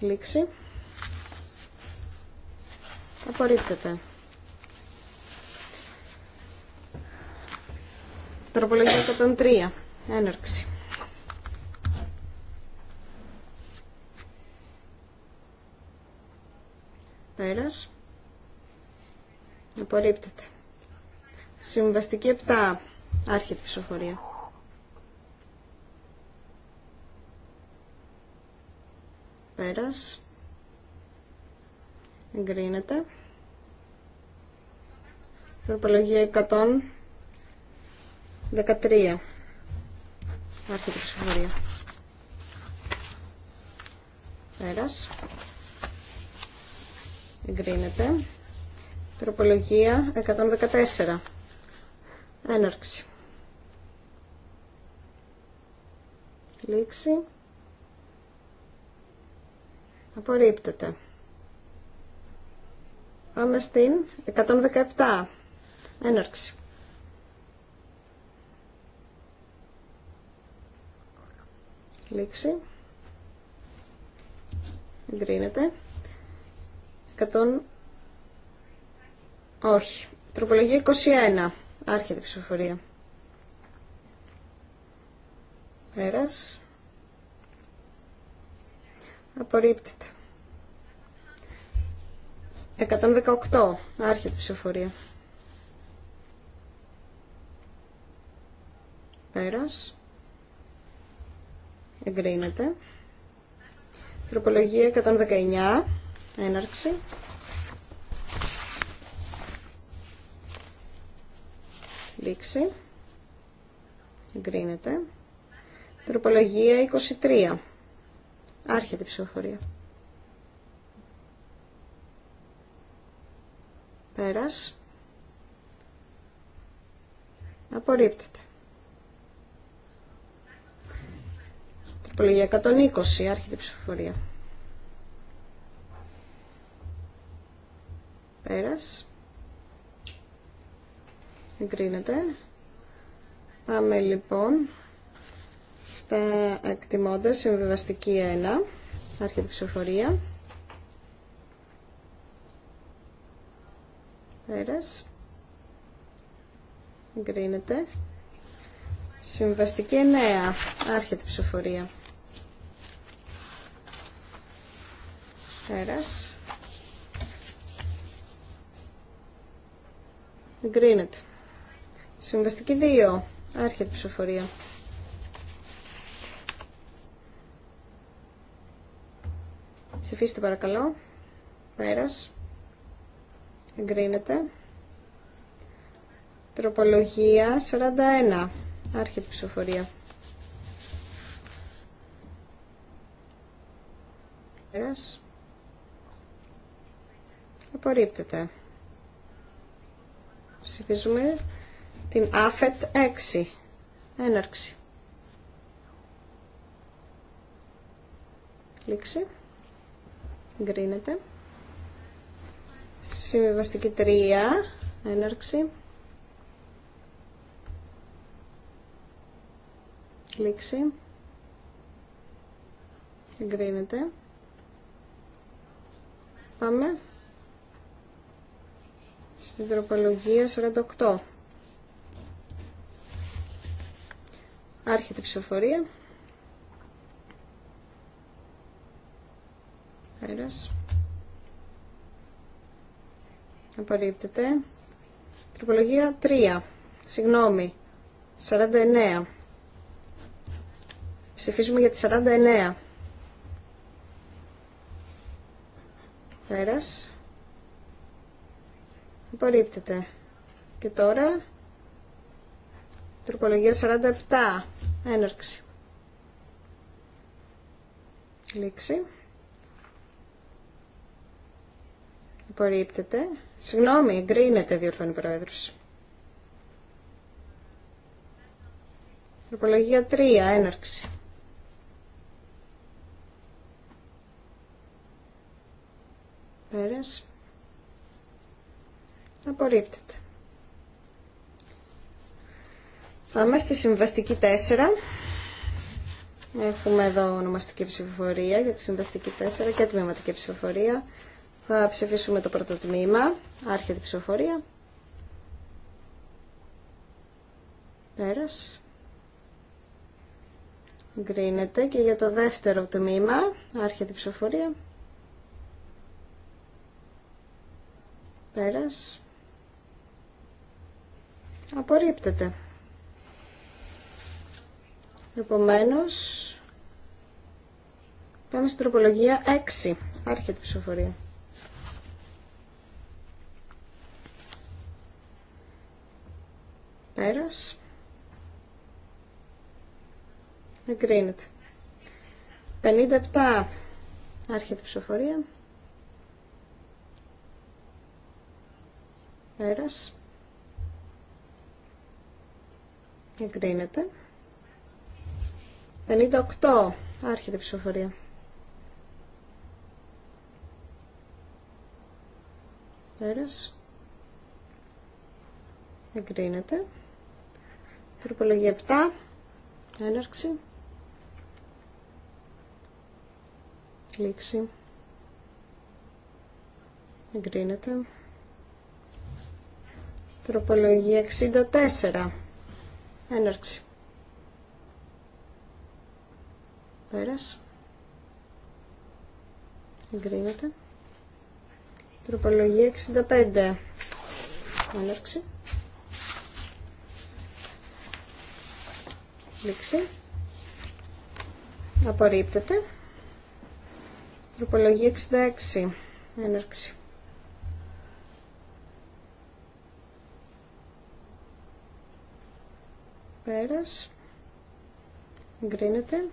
Λήξη. Απορρίπτεται. Τροπολογία 103. Έναρξη. Πέρας. Απορρίπτεται. Συμβαστική 7. Άρχεται η ψηφοφορία. Πέρας. Εγκρίνεται. Τροπολογία 113. Άρχεται η ψηφοφορία. Πέρας εγκρίνεται. Τροπολογία 114. Έναρξη. Λήξη. Απορρίπτεται. Πάμε στην 117. Έναρξη. Λήξη. Εγκρίνεται. 100... Όχι. Τροπολογία 21. Άρχεται η ψηφοφορία. Πέρας. Απορρίπτεται. 118. Άρχεται η ψηφοφορία. Πέρας. Εγκρίνεται. Τροπολογία 119 έναρξη. Λήξη. Εγκρίνεται. Τροπολογία 23. Άρχεται η ψηφοφορία. Πέρας. Απορρίπτεται. Τροπολογία 120. Άρχεται η ψηφοφορία. Πέρας. Εγκρίνεται. Πάμε λοιπόν στα εκτιμώντα συμβιβαστική 1, άρχεται ψηφοφορία. Πέρας. Εγκρίνεται. Συμβαστική 9, άρχεται ψηφοφορία. Πέρας. Εγκρίνεται. Συμβαστική 2. Άρχεται η ψηφοφορία. Ψηφίστε παρακαλώ. Πέρας. Εγκρίνεται. Τροπολογία 41. Άρχεται η ψηφοφορία. Πέρας. Απορρίπτεται. Ψηφίζουμε την ΑΦΕΤ 6. Έναρξη. Λήξη. Εγκρίνεται. Συμβιβαστική 3. Έναρξη. Λήξη. Εγκρίνεται. Πάμε στην τροπολογία 48. Άρχεται η ψηφοφορία. Πέρας. Απορρίπτεται. Τροπολογία 3. Συγγνώμη. 49. Ψηφίζουμε για τη 49. Πέρας. Απορρίπτεται. Και τώρα, τροπολογία 47, έναρξη. Λήξη. Απορρίπτεται. Συγγνώμη, εγκρίνεται, διορθώνει ο Πρόεδρος. Τροπολογία 3, έναρξη. Πέρας. Απορρίπτεται. Πάμε στη συμβαστική 4. Έχουμε εδώ ονομαστική ψηφοφορία για τη συμβαστική 4 και τμήματική ψηφοφορία. Θα ψηφίσουμε το πρώτο τμήμα. Άρχεται ψηφοφορία. Πέρας. Γκρίνεται και για το δεύτερο τμήμα. Άρχεται τη ψηφοφορία. Πέρας απορρίπτεται. Επομένως, πάμε στην τροπολογία 6, άρχεται την ψηφοφορία. Πέρας. Εγκρίνεται. 57, άρχεται την ψηφοφορία. Πέρας. Εγκρίνεται. 58. Άρχεται η ψηφοφορία. Πέρας. Εγκρίνεται. Τροπολογία 7. Έναρξη. Λήξη. Εγκρίνεται. Τροπολογία 64. Έναρξη. Πέρας. Εγκρίνεται. Τροπολογία 65. Έναρξη. Λήξη. Απορρίπτεται. Τροπολογία 66. Έναρξη. Πέρας. Εγκρίνεται.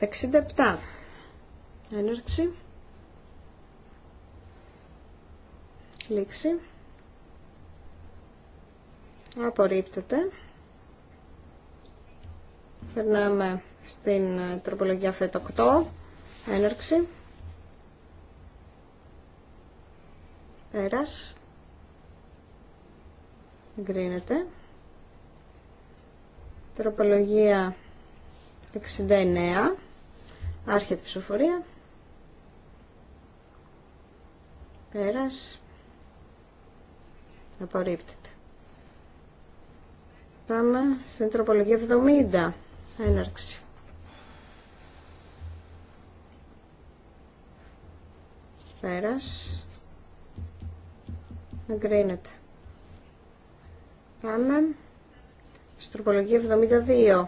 67. Έναρξη. Λήξη. Απορρίπτεται. Περνάμε στην ε, τροπολογία ΦΕΤ 8. Έναρξη. Πέρας. Εγκρίνεται. Τροπολογία 69. Άρχεται η ψηφοφορία. Πέρας. Απορρίπτεται. Πάμε στην τροπολογία 70. Έναρξη. Πέρας. Εγκρίνεται. Πάμε Στροπολογία 72.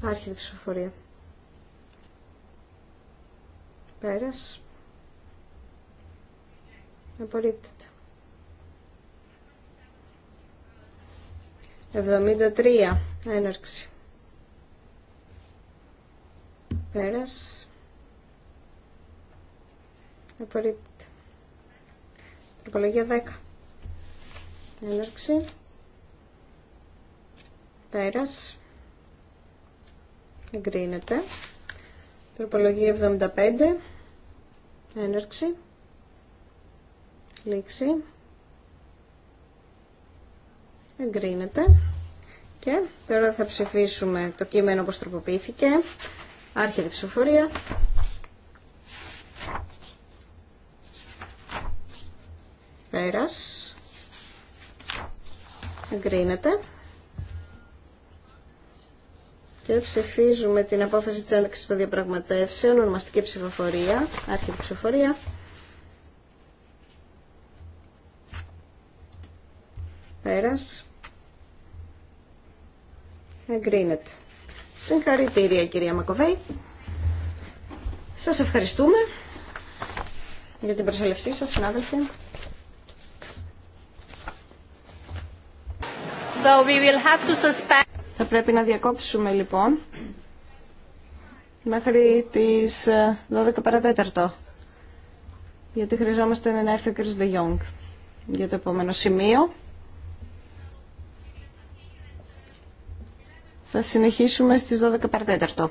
Υπάρχει η ψηφοφορία. Πέρας. Απορρίπτεται. 73. Έναρξη. Πέρας. Απορρίπτεται. Τροπολογία 10. Έναρξη. Πέρας. Εγκρίνεται. Τροπολογία 75. Έναρξη. Λήξη. Εγκρίνεται. Και τώρα θα ψηφίσουμε το κείμενο όπως τροποποιήθηκε. Άρχεται ψηφοφορία. Πέρας. Εγκρίνεται. Και ψηφίζουμε την απόφαση της έναρξης των διαπραγματεύσεων, ονομαστική ψηφοφορία, άρχιτη ψηφοφορία. Πέρας. Εγκρίνεται. Συγχαρητήρια κυρία Μακοβέη. Σας ευχαριστούμε για την προσελευσή σας, συνάδελφοι. So we will have to suspect. Θα πρέπει να διακόψουμε λοιπόν μέχρι τις 12 ε, παρατέταρτο. Γιατί χρειαζόμαστε να έρθει ο κ. Δε για το επόμενο σημείο. Θα συνεχίσουμε στις 12 παρατέταρτο.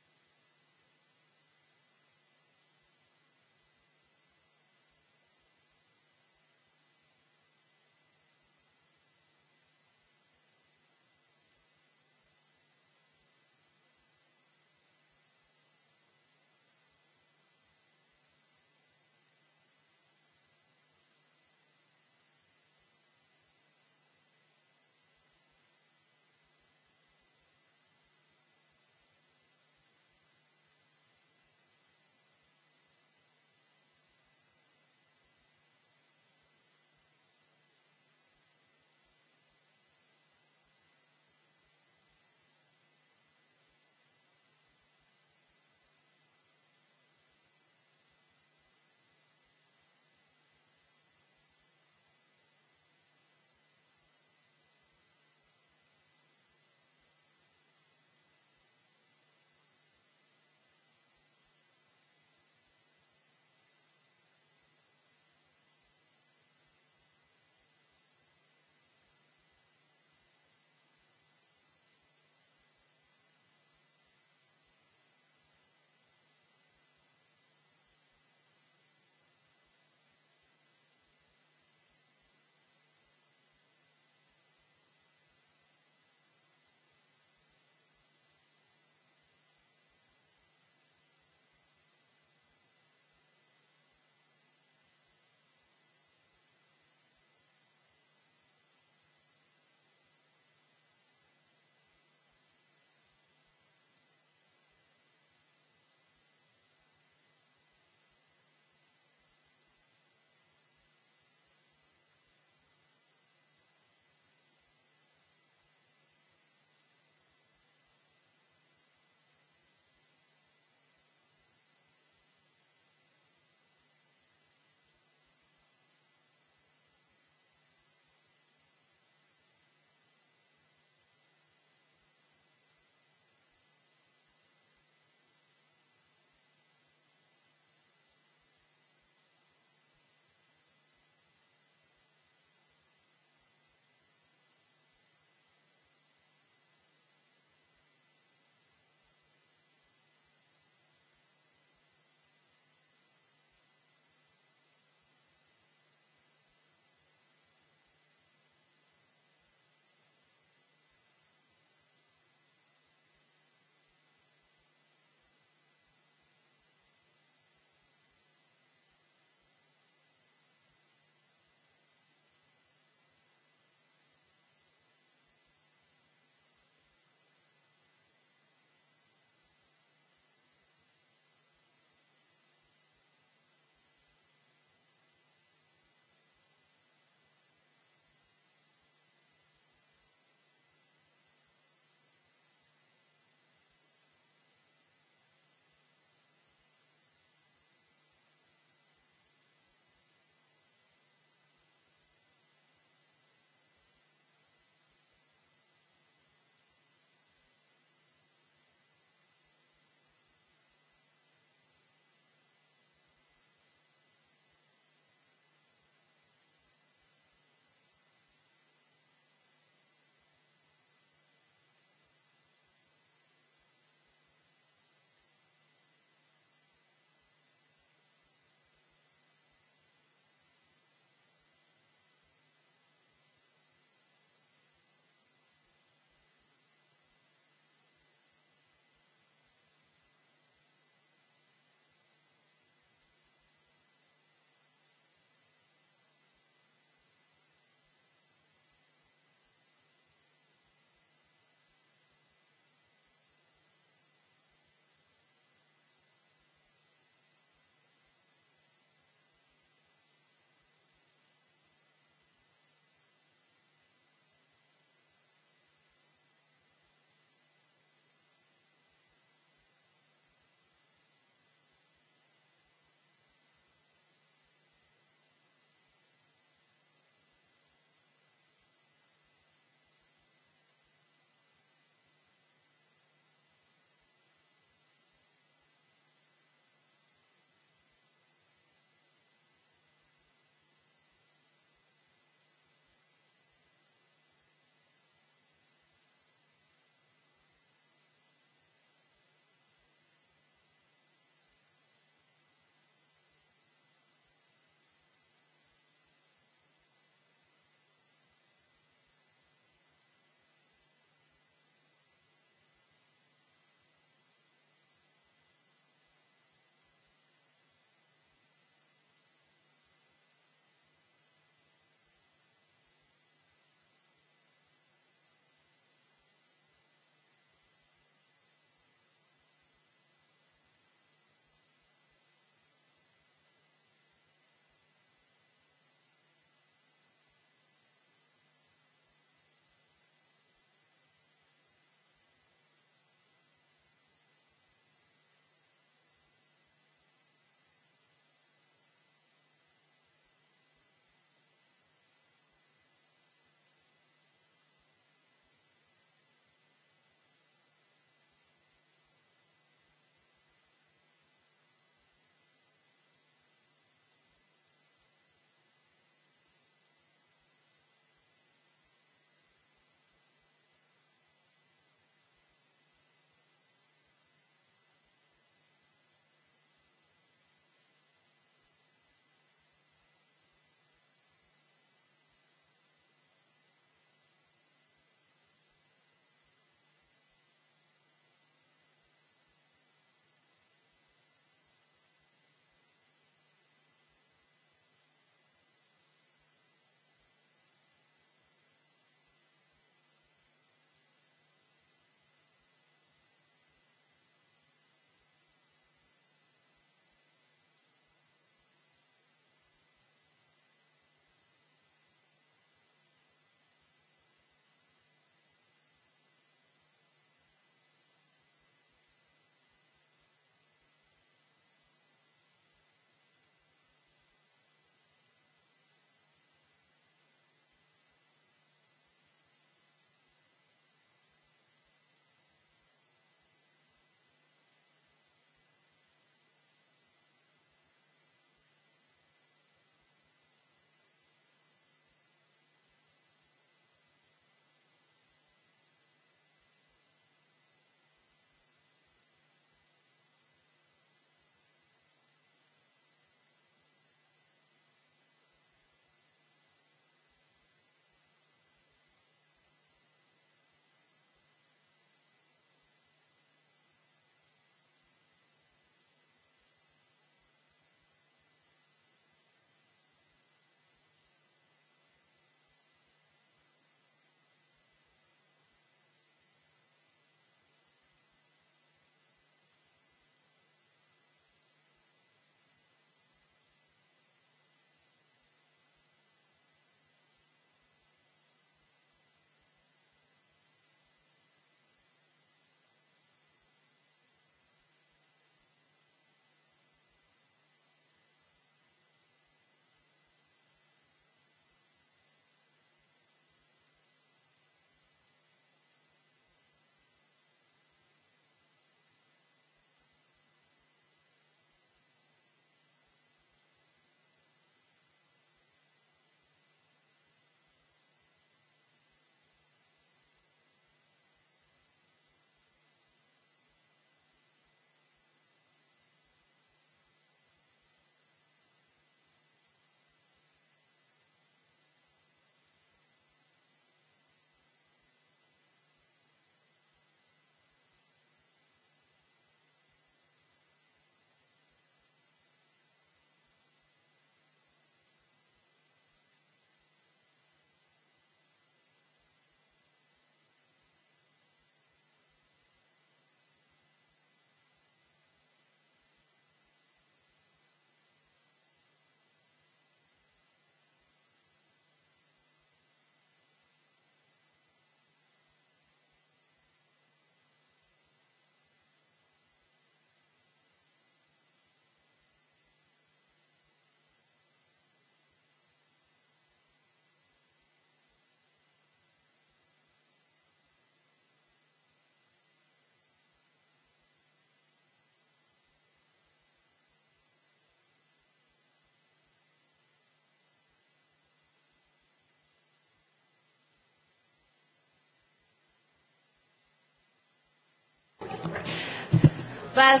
Uh,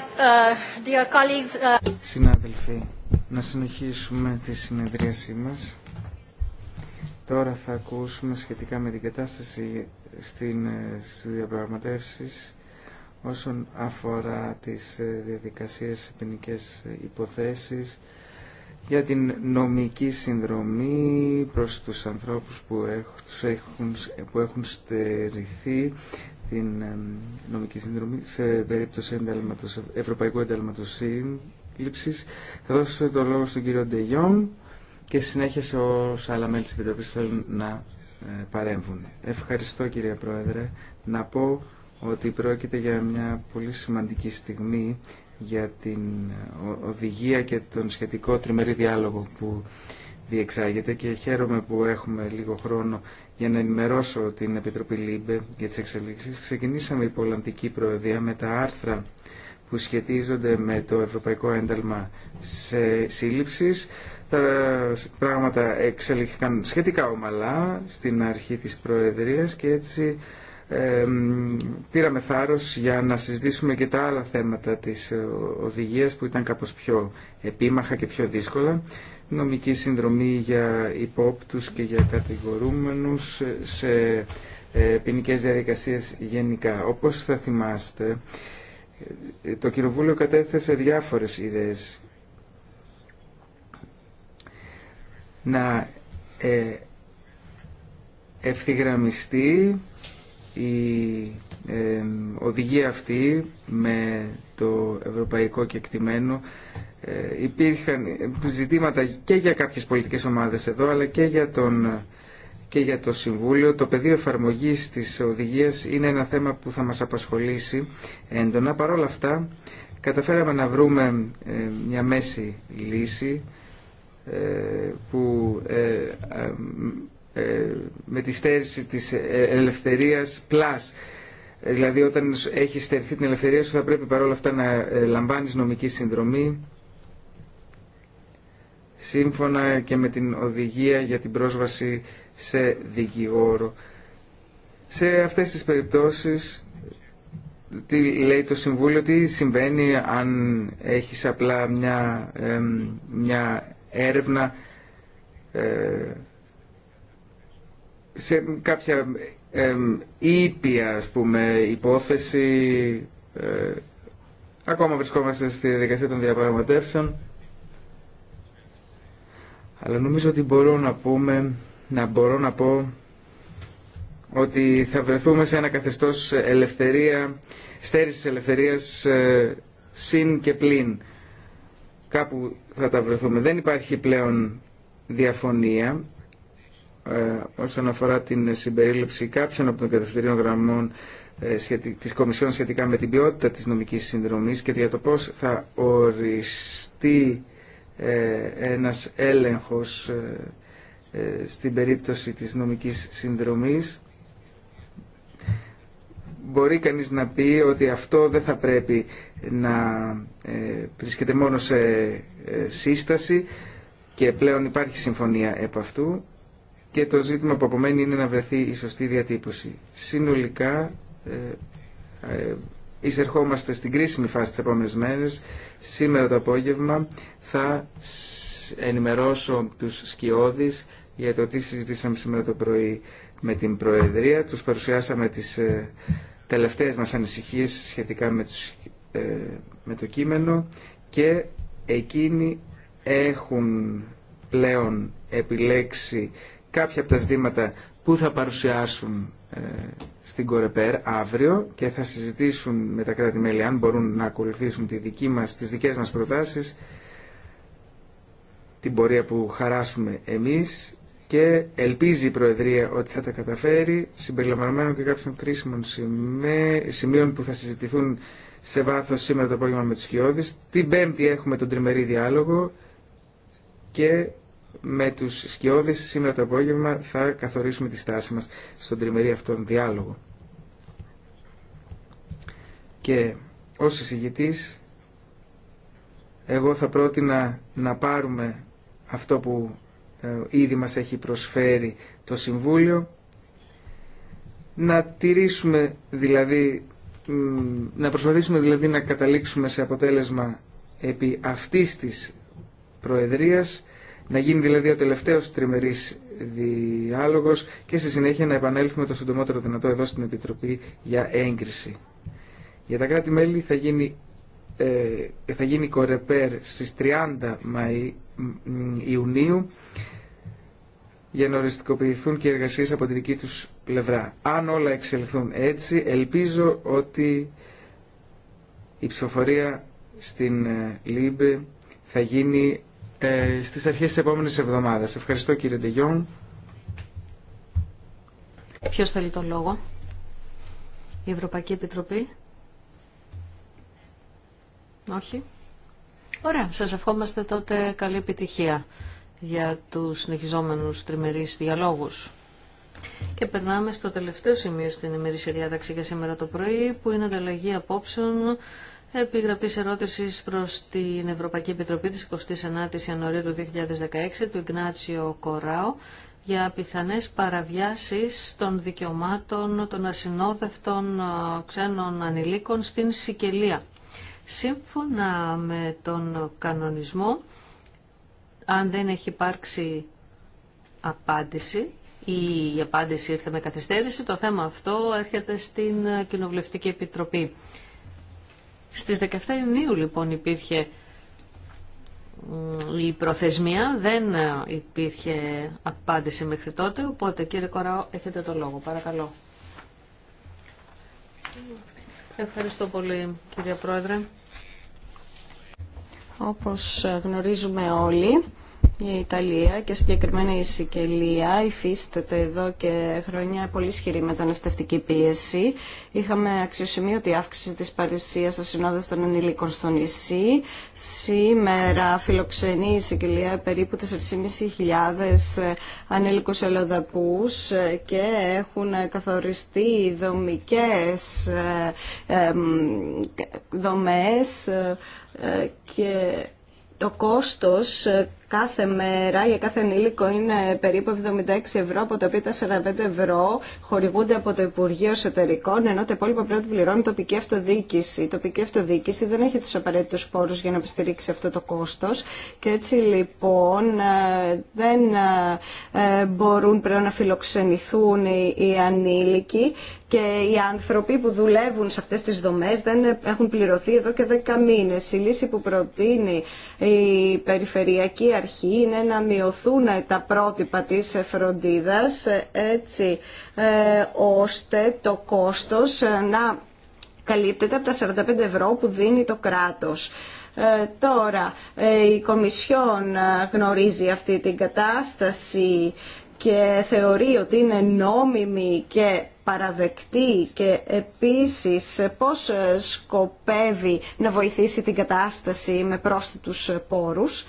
uh, Συνάδελφοι, να συνεχίσουμε τη συνεδρίασή μας. Τώρα θα ακούσουμε σχετικά με την κατάσταση στην, ε, στις διαπραγματεύσεις όσον αφορά τις ε, διαδικασίες ποινικέ υποθέσεις για την νομική συνδρομή προς τους ανθρώπους που έχουν, που έχουν στερηθεί την νομική συνδρομή σε περίπτωση εντάλματος, ευρωπαϊκού εντάλματος σύλληψης. Θα δώσω το λόγο στον κύριο Ντεγιόν και συνέχεια σε όσα άλλα μέλη της Επιτροπής θέλουν να ε, παρέμβουν. Ευχαριστώ κύριε Πρόεδρε. Να πω ότι πρόκειται για μια πολύ σημαντική στιγμή για την ε, οδηγία και τον σχετικό τριμερή διάλογο που διεξάγεται και χαίρομαι που έχουμε λίγο χρόνο για να ενημερώσω την Επιτροπή ΛΥΜΠΕ για τις εξελίξεις. Ξεκινήσαμε η Πολαντική Προεδρία με τα άρθρα που σχετίζονται με το Ευρωπαϊκό Ένταλμα σε σύλληψης. Τα πράγματα εξελίχθηκαν σχετικά ομαλά στην αρχή της Προεδρίας και έτσι πήραμε θάρρος για να συζητήσουμε και τα άλλα θέματα της ε, οδηγίας που ήταν κάπως πιο επίμαχα και πιο δύσκολα. Νομική συνδρομή για υπόπτους και για κατηγορούμενους σε ε, ποινικές διαδικασίες γενικά. Όπως θα θυμάστε, ε, το Κοινοβούλιο κατέθεσε διάφορες ιδέες να ευθυγραμμιστεί η οδηγία αυτή με το ευρωπαϊκό κεκτημένο ε, υπήρχαν ε, ζητήματα και για κάποιες πολιτικές ομάδες εδώ αλλά και για, τον, και για το Συμβούλιο. Το πεδίο εφαρμογής της οδηγίας είναι ένα θέμα που θα μας απασχολήσει έντονα. Παρ' όλα αυτά καταφέραμε να βρούμε ε, μια μέση λύση που ε, με τη στέρηση της ελευθερίας πλάς. Ε, δηλαδή όταν έχει στερηθεί την ελευθερία σου θα πρέπει παρόλα αυτά να ε, λαμβάνεις νομική συνδρομή σύμφωνα και με την οδηγία για την πρόσβαση σε δικηγόρο. Σε αυτές τις περιπτώσεις τι λέει το Συμβούλιο, τι συμβαίνει αν έχεις απλά μια, μια έρευνα σε κάποια ε, ήπια ας πούμε, υπόθεση ε, ακόμα βρισκόμαστε στη διαδικασία των διαπραγματεύσεων αλλά νομίζω ότι μπορώ να πούμε να μπορώ να πω ότι θα βρεθούμε σε ένα καθεστώς ελευθερία στέρησης ελευθερίας ε, συν και πλην κάπου θα τα βρεθούμε δεν υπάρχει πλέον διαφωνία ε, όσον αφορά την συμπερίληψη κάποιων από τον κατευθυντήριων γραμμών ε, της Κομισιόν σχετικά με την ποιότητα της νομικής συνδρομής και για το πώς θα οριστεί ε, ένας έλεγχος στην περίπτωση της νομικής συνδρομής μπορεί κανείς να πει ότι αυτό δεν θα πρέπει να βρίσκεται μόνο σε σύσταση και πλέον υπάρχει συμφωνία επ' αυτού και το ζήτημα που απομένει είναι να βρεθεί η σωστή διατύπωση. Συνολικά ε, ε, εισερχόμαστε στην κρίσιμη φάση τις επόμενες μέρες. Σήμερα το απόγευμα θα ενημερώσω τους σκιώδεις για το τι συζητήσαμε σήμερα το πρωί με την Προεδρία. Τους παρουσιάσαμε τις ε, τελευταίες μας ανησυχίες σχετικά με, με το κείμενο και εκείνοι έχουν πλέον επιλέξει κάποια από τα ζητήματα που θα παρουσιάσουν ε, στην Κορεπέρ αύριο και θα συζητήσουν με τα κράτη-μέλη αν μπορούν να ακολουθήσουν τη δική μας, τις δικές μας προτάσεις την πορεία που χαράσουμε εμείς και ελπίζει η Προεδρία ότι θα τα καταφέρει συμπεριλαμβανομένων και κάποιων κρίσιμων σημείων που θα συζητηθούν σε βάθος σήμερα το απόγευμα με τους Χιώδης. Την Πέμπτη έχουμε τον τριμερή διάλογο και με τους σκιώδεις σήμερα το απόγευμα θα καθορίσουμε τη στάση μας στον τριμερή αυτόν διάλογο. Και ως εισηγητής εγώ θα πρότεινα να πάρουμε αυτό που ε, ήδη μας έχει προσφέρει το Συμβούλιο να τηρήσουμε δηλαδή να προσπαθήσουμε δηλαδή να καταλήξουμε σε αποτέλεσμα επί αυτής της Προεδρίας να γίνει δηλαδή ο τελευταίος τριμερής διάλογος και στη συνέχεια να επανέλθουμε το συντομότερο δυνατό εδώ στην Επιτροπή για έγκριση. Για τα κράτη-μέλη θα γίνει, ε, θα γίνει κορεπέρ στις 30 Μαΐ, Ιουνίου για να οριστικοποιηθούν και οι εργασίες από τη δική τους πλευρά. Αν όλα εξελθούν έτσι, ελπίζω ότι η ψηφοφορία στην ε, ΛΥΜΠΕ θα γίνει ε, στις αρχές της επόμενης εβδομάδας. Ευχαριστώ κύριε Ντεγιόν. Ποιος θέλει το λόγο. Η Ευρωπαϊκή Επιτροπή. Όχι. Ωραία. Σας ευχόμαστε τότε καλή επιτυχία για τους συνεχιζόμενους τριμερείς διαλόγους. Και περνάμε στο τελευταίο σημείο στην ημερήσια διάταξη για σήμερα το πρωί, που είναι ανταλλαγή απόψεων Επιγραφή ερώτηση προ την Ευρωπαϊκή Επιτροπή τη 29η Ιανουαρίου 2016 του Ιγνάτσιο Κοράου για πιθανές παραβιάσεις των δικαιωμάτων των ασυνόδευτων ξένων ανηλίκων στην Σικελία. Σύμφωνα με τον κανονισμό, αν δεν έχει υπάρξει απάντηση ή η απάντηση ήρθε με καθυστέρηση, το θέμα αυτό έρχεται στην Κοινοβουλευτική Επιτροπή. Στις 17 Ιουνίου λοιπόν υπήρχε η προθεσμία, δεν ε, υπήρχε απάντηση μέχρι τότε, οπότε κύριε Κοράο έχετε το λόγο, παρακαλώ. Ευχαριστώ πολύ κύριε Πρόεδρε. Όπως ε, γνωρίζουμε όλοι, η Ιταλία και συγκεκριμένα η Σικελία υφίσταται εδώ και χρόνια πολύ ισχυρή μεταναστευτική πίεση. Είχαμε αξιοσημείωτη αύξηση της παρουσίας ασυνόδευτων ενηλίκων στο νησί. Σήμερα φιλοξενεί η Σικελία περίπου 4.500 ε, ανήλικους ελοδαπούς ε, και έχουν καθοριστεί δομικές ε, δομές και το κόστος κάθε μέρα για κάθε ενήλικο είναι περίπου 76 ευρώ, από τα οποία 45 ευρώ χορηγούνται από το Υπουργείο Εσωτερικών, ενώ τα υπόλοιπα πρέπει να πληρώνει τοπική αυτοδιοίκηση. Η τοπική αυτοδιοίκηση δεν έχει του απαραίτητου πόρου για να επιστηρίξει αυτό το κόστο και έτσι λοιπόν ε, δεν ε, μπορούν πλέον να φιλοξενηθούν οι ανήλικοι και οι άνθρωποι που δουλεύουν σε αυτές τις δομές δεν έχουν πληρωθεί εδώ και δέκα μήνες. Η λύση που προτείνει η Περιφερειακή Αρχή είναι να μειωθούν τα πρότυπα της φροντίδας έτσι ε, ώστε το κόστος ε, να καλύπτεται από τα 45 ευρώ που δίνει το κράτος. Ε, τώρα, η Κομισιόν γνωρίζει αυτή την κατάσταση και θεωρεί ότι είναι νόμιμη και παραδεκτή και επίσης πώς σκοπεύει να βοηθήσει την κατάσταση με πρόσθετους πόρους.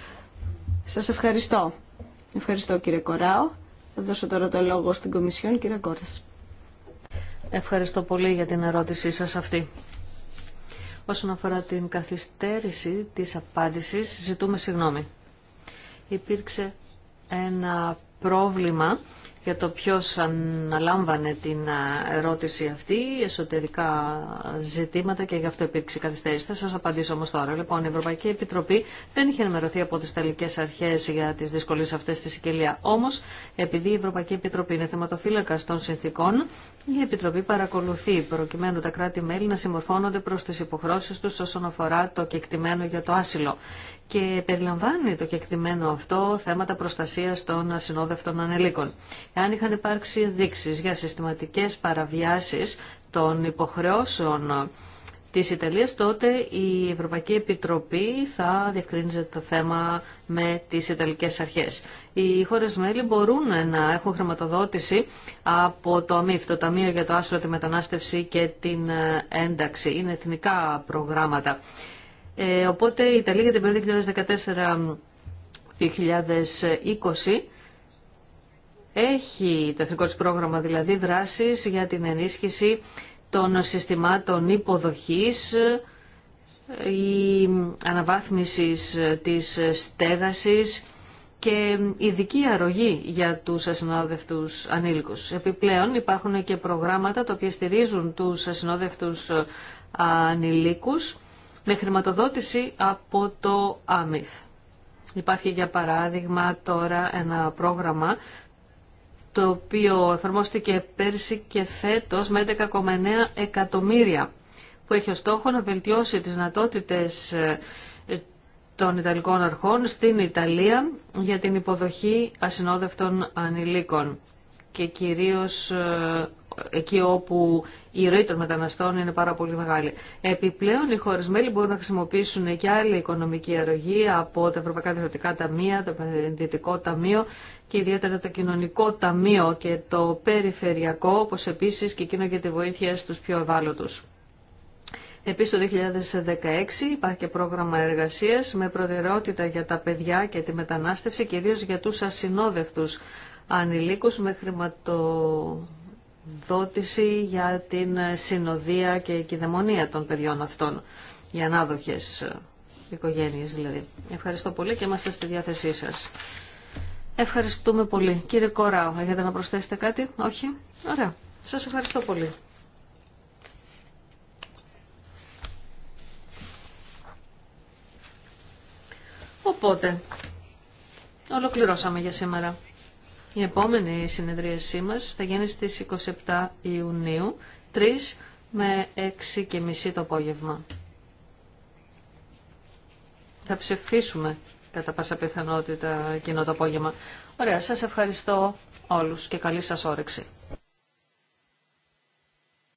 Σας ευχαριστώ. Ευχαριστώ κύριε Κοράο. Θα δώσω τώρα το λόγο στην Κομισιόν, κύριε Κόρας. Ευχαριστώ πολύ για την ερώτησή σας αυτή. Όσον αφορά την καθυστέρηση της απάντησης, ζητούμε συγγνώμη. Υπήρξε ένα πρόβλημα για το ποιος αναλάμβανε την ερώτηση αυτή, εσωτερικά ζητήματα και γι' αυτό υπήρξε καθυστέρηση. Θα σας απαντήσω όμως τώρα. Λοιπόν, η Ευρωπαϊκή Επιτροπή δεν είχε ενημερωθεί από τις τελικές αρχές για τις δυσκολίες αυτές στη Σικελία. Όμως, επειδή η Ευρωπαϊκή Επιτροπή είναι θεματοφύλακα των συνθήκων, η Επιτροπή παρακολουθεί προκειμένου τα κράτη-μέλη να συμμορφώνονται προς τις υποχρώσεις τους όσον αφορά το κεκτημένο για το άσυλο και περιλαμβάνει το κεκτημένο αυτό θέματα προστασίας των ασυνόδευτων ανελίκων. Εάν είχαν υπάρξει ενδείξει για συστηματικές παραβιάσεις των υποχρεώσεων της Ιταλίας, τότε η Ευρωπαϊκή Επιτροπή θα διευκρίνιζε το θέμα με τις Ιταλικές αρχές. Οι χώρες μέλη μπορούν να έχουν χρηματοδότηση από το ΑΜΙΦ, το Ταμείο για το Άσυλο, τη Μετανάστευση και την Ένταξη. Είναι εθνικά προγράμματα. Ε, οπότε η Ιταλία για την περίοδο 2014-2020 έχει το εθνικό της πρόγραμμα δηλαδή δράσεις για την ενίσχυση των συστημάτων υποδοχής η αναβάθμιση της στέγασης και ειδική αρρωγή για τους ασυνόδευτους ανήλικους. Επιπλέον υπάρχουν και προγράμματα τα οποία στηρίζουν τους ασυνόδευτους ανηλίκους με χρηματοδότηση από το ΆΜΙΦ. Υπάρχει για παράδειγμα τώρα ένα πρόγραμμα το οποίο εφαρμόστηκε πέρσι και φέτος με 11,9 εκατομμύρια που έχει ως στόχο να βελτιώσει τις δυνατότητε ε, των Ιταλικών αρχών στην Ιταλία για την υποδοχή ασυνόδευτων ανηλίκων και κυρίως ε, εκεί όπου η ροή των μεταναστών είναι πάρα πολύ μεγάλη. Επιπλέον, οι χώρε μέλη μπορούν να χρησιμοποιήσουν και άλλη οικονομική αρρωγή από τα Ευρωπαϊκά Διευθυντικά Ταμεία, το Επενδυτικό Ταμείο και ιδιαίτερα το Κοινωνικό Ταμείο και το Περιφερειακό, όπω επίση και εκείνο για τη βοήθεια στου πιο ευάλωτου. Επίσης το 2016 υπάρχει και πρόγραμμα εργασίας με προτεραιότητα για τα παιδιά και τη μετανάστευση, κυρίως για τους ασυνόδευτους ανηλίκους με χρηματο δότηση για την συνοδεία και κυδαιμονία των παιδιών αυτών, για ανάδοχες οικογένειες δηλαδή. Ευχαριστώ πολύ και είμαστε στη διάθεσή σας. Ευχαριστούμε πολύ. Κύριε Κοράου, έχετε να προσθέσετε κάτι, όχι. Ωραία. Σας ευχαριστώ πολύ. Οπότε, ολοκληρώσαμε για σήμερα. Η επόμενη συνεδρίασή μας θα γίνει στις 27 Ιουνίου, 3 με 6 και μισή το απόγευμα. Θα ψεφίσουμε κατά πάσα πιθανότητα εκείνο το απόγευμα. Ωραία, σας ευχαριστώ όλους και καλή σας όρεξη.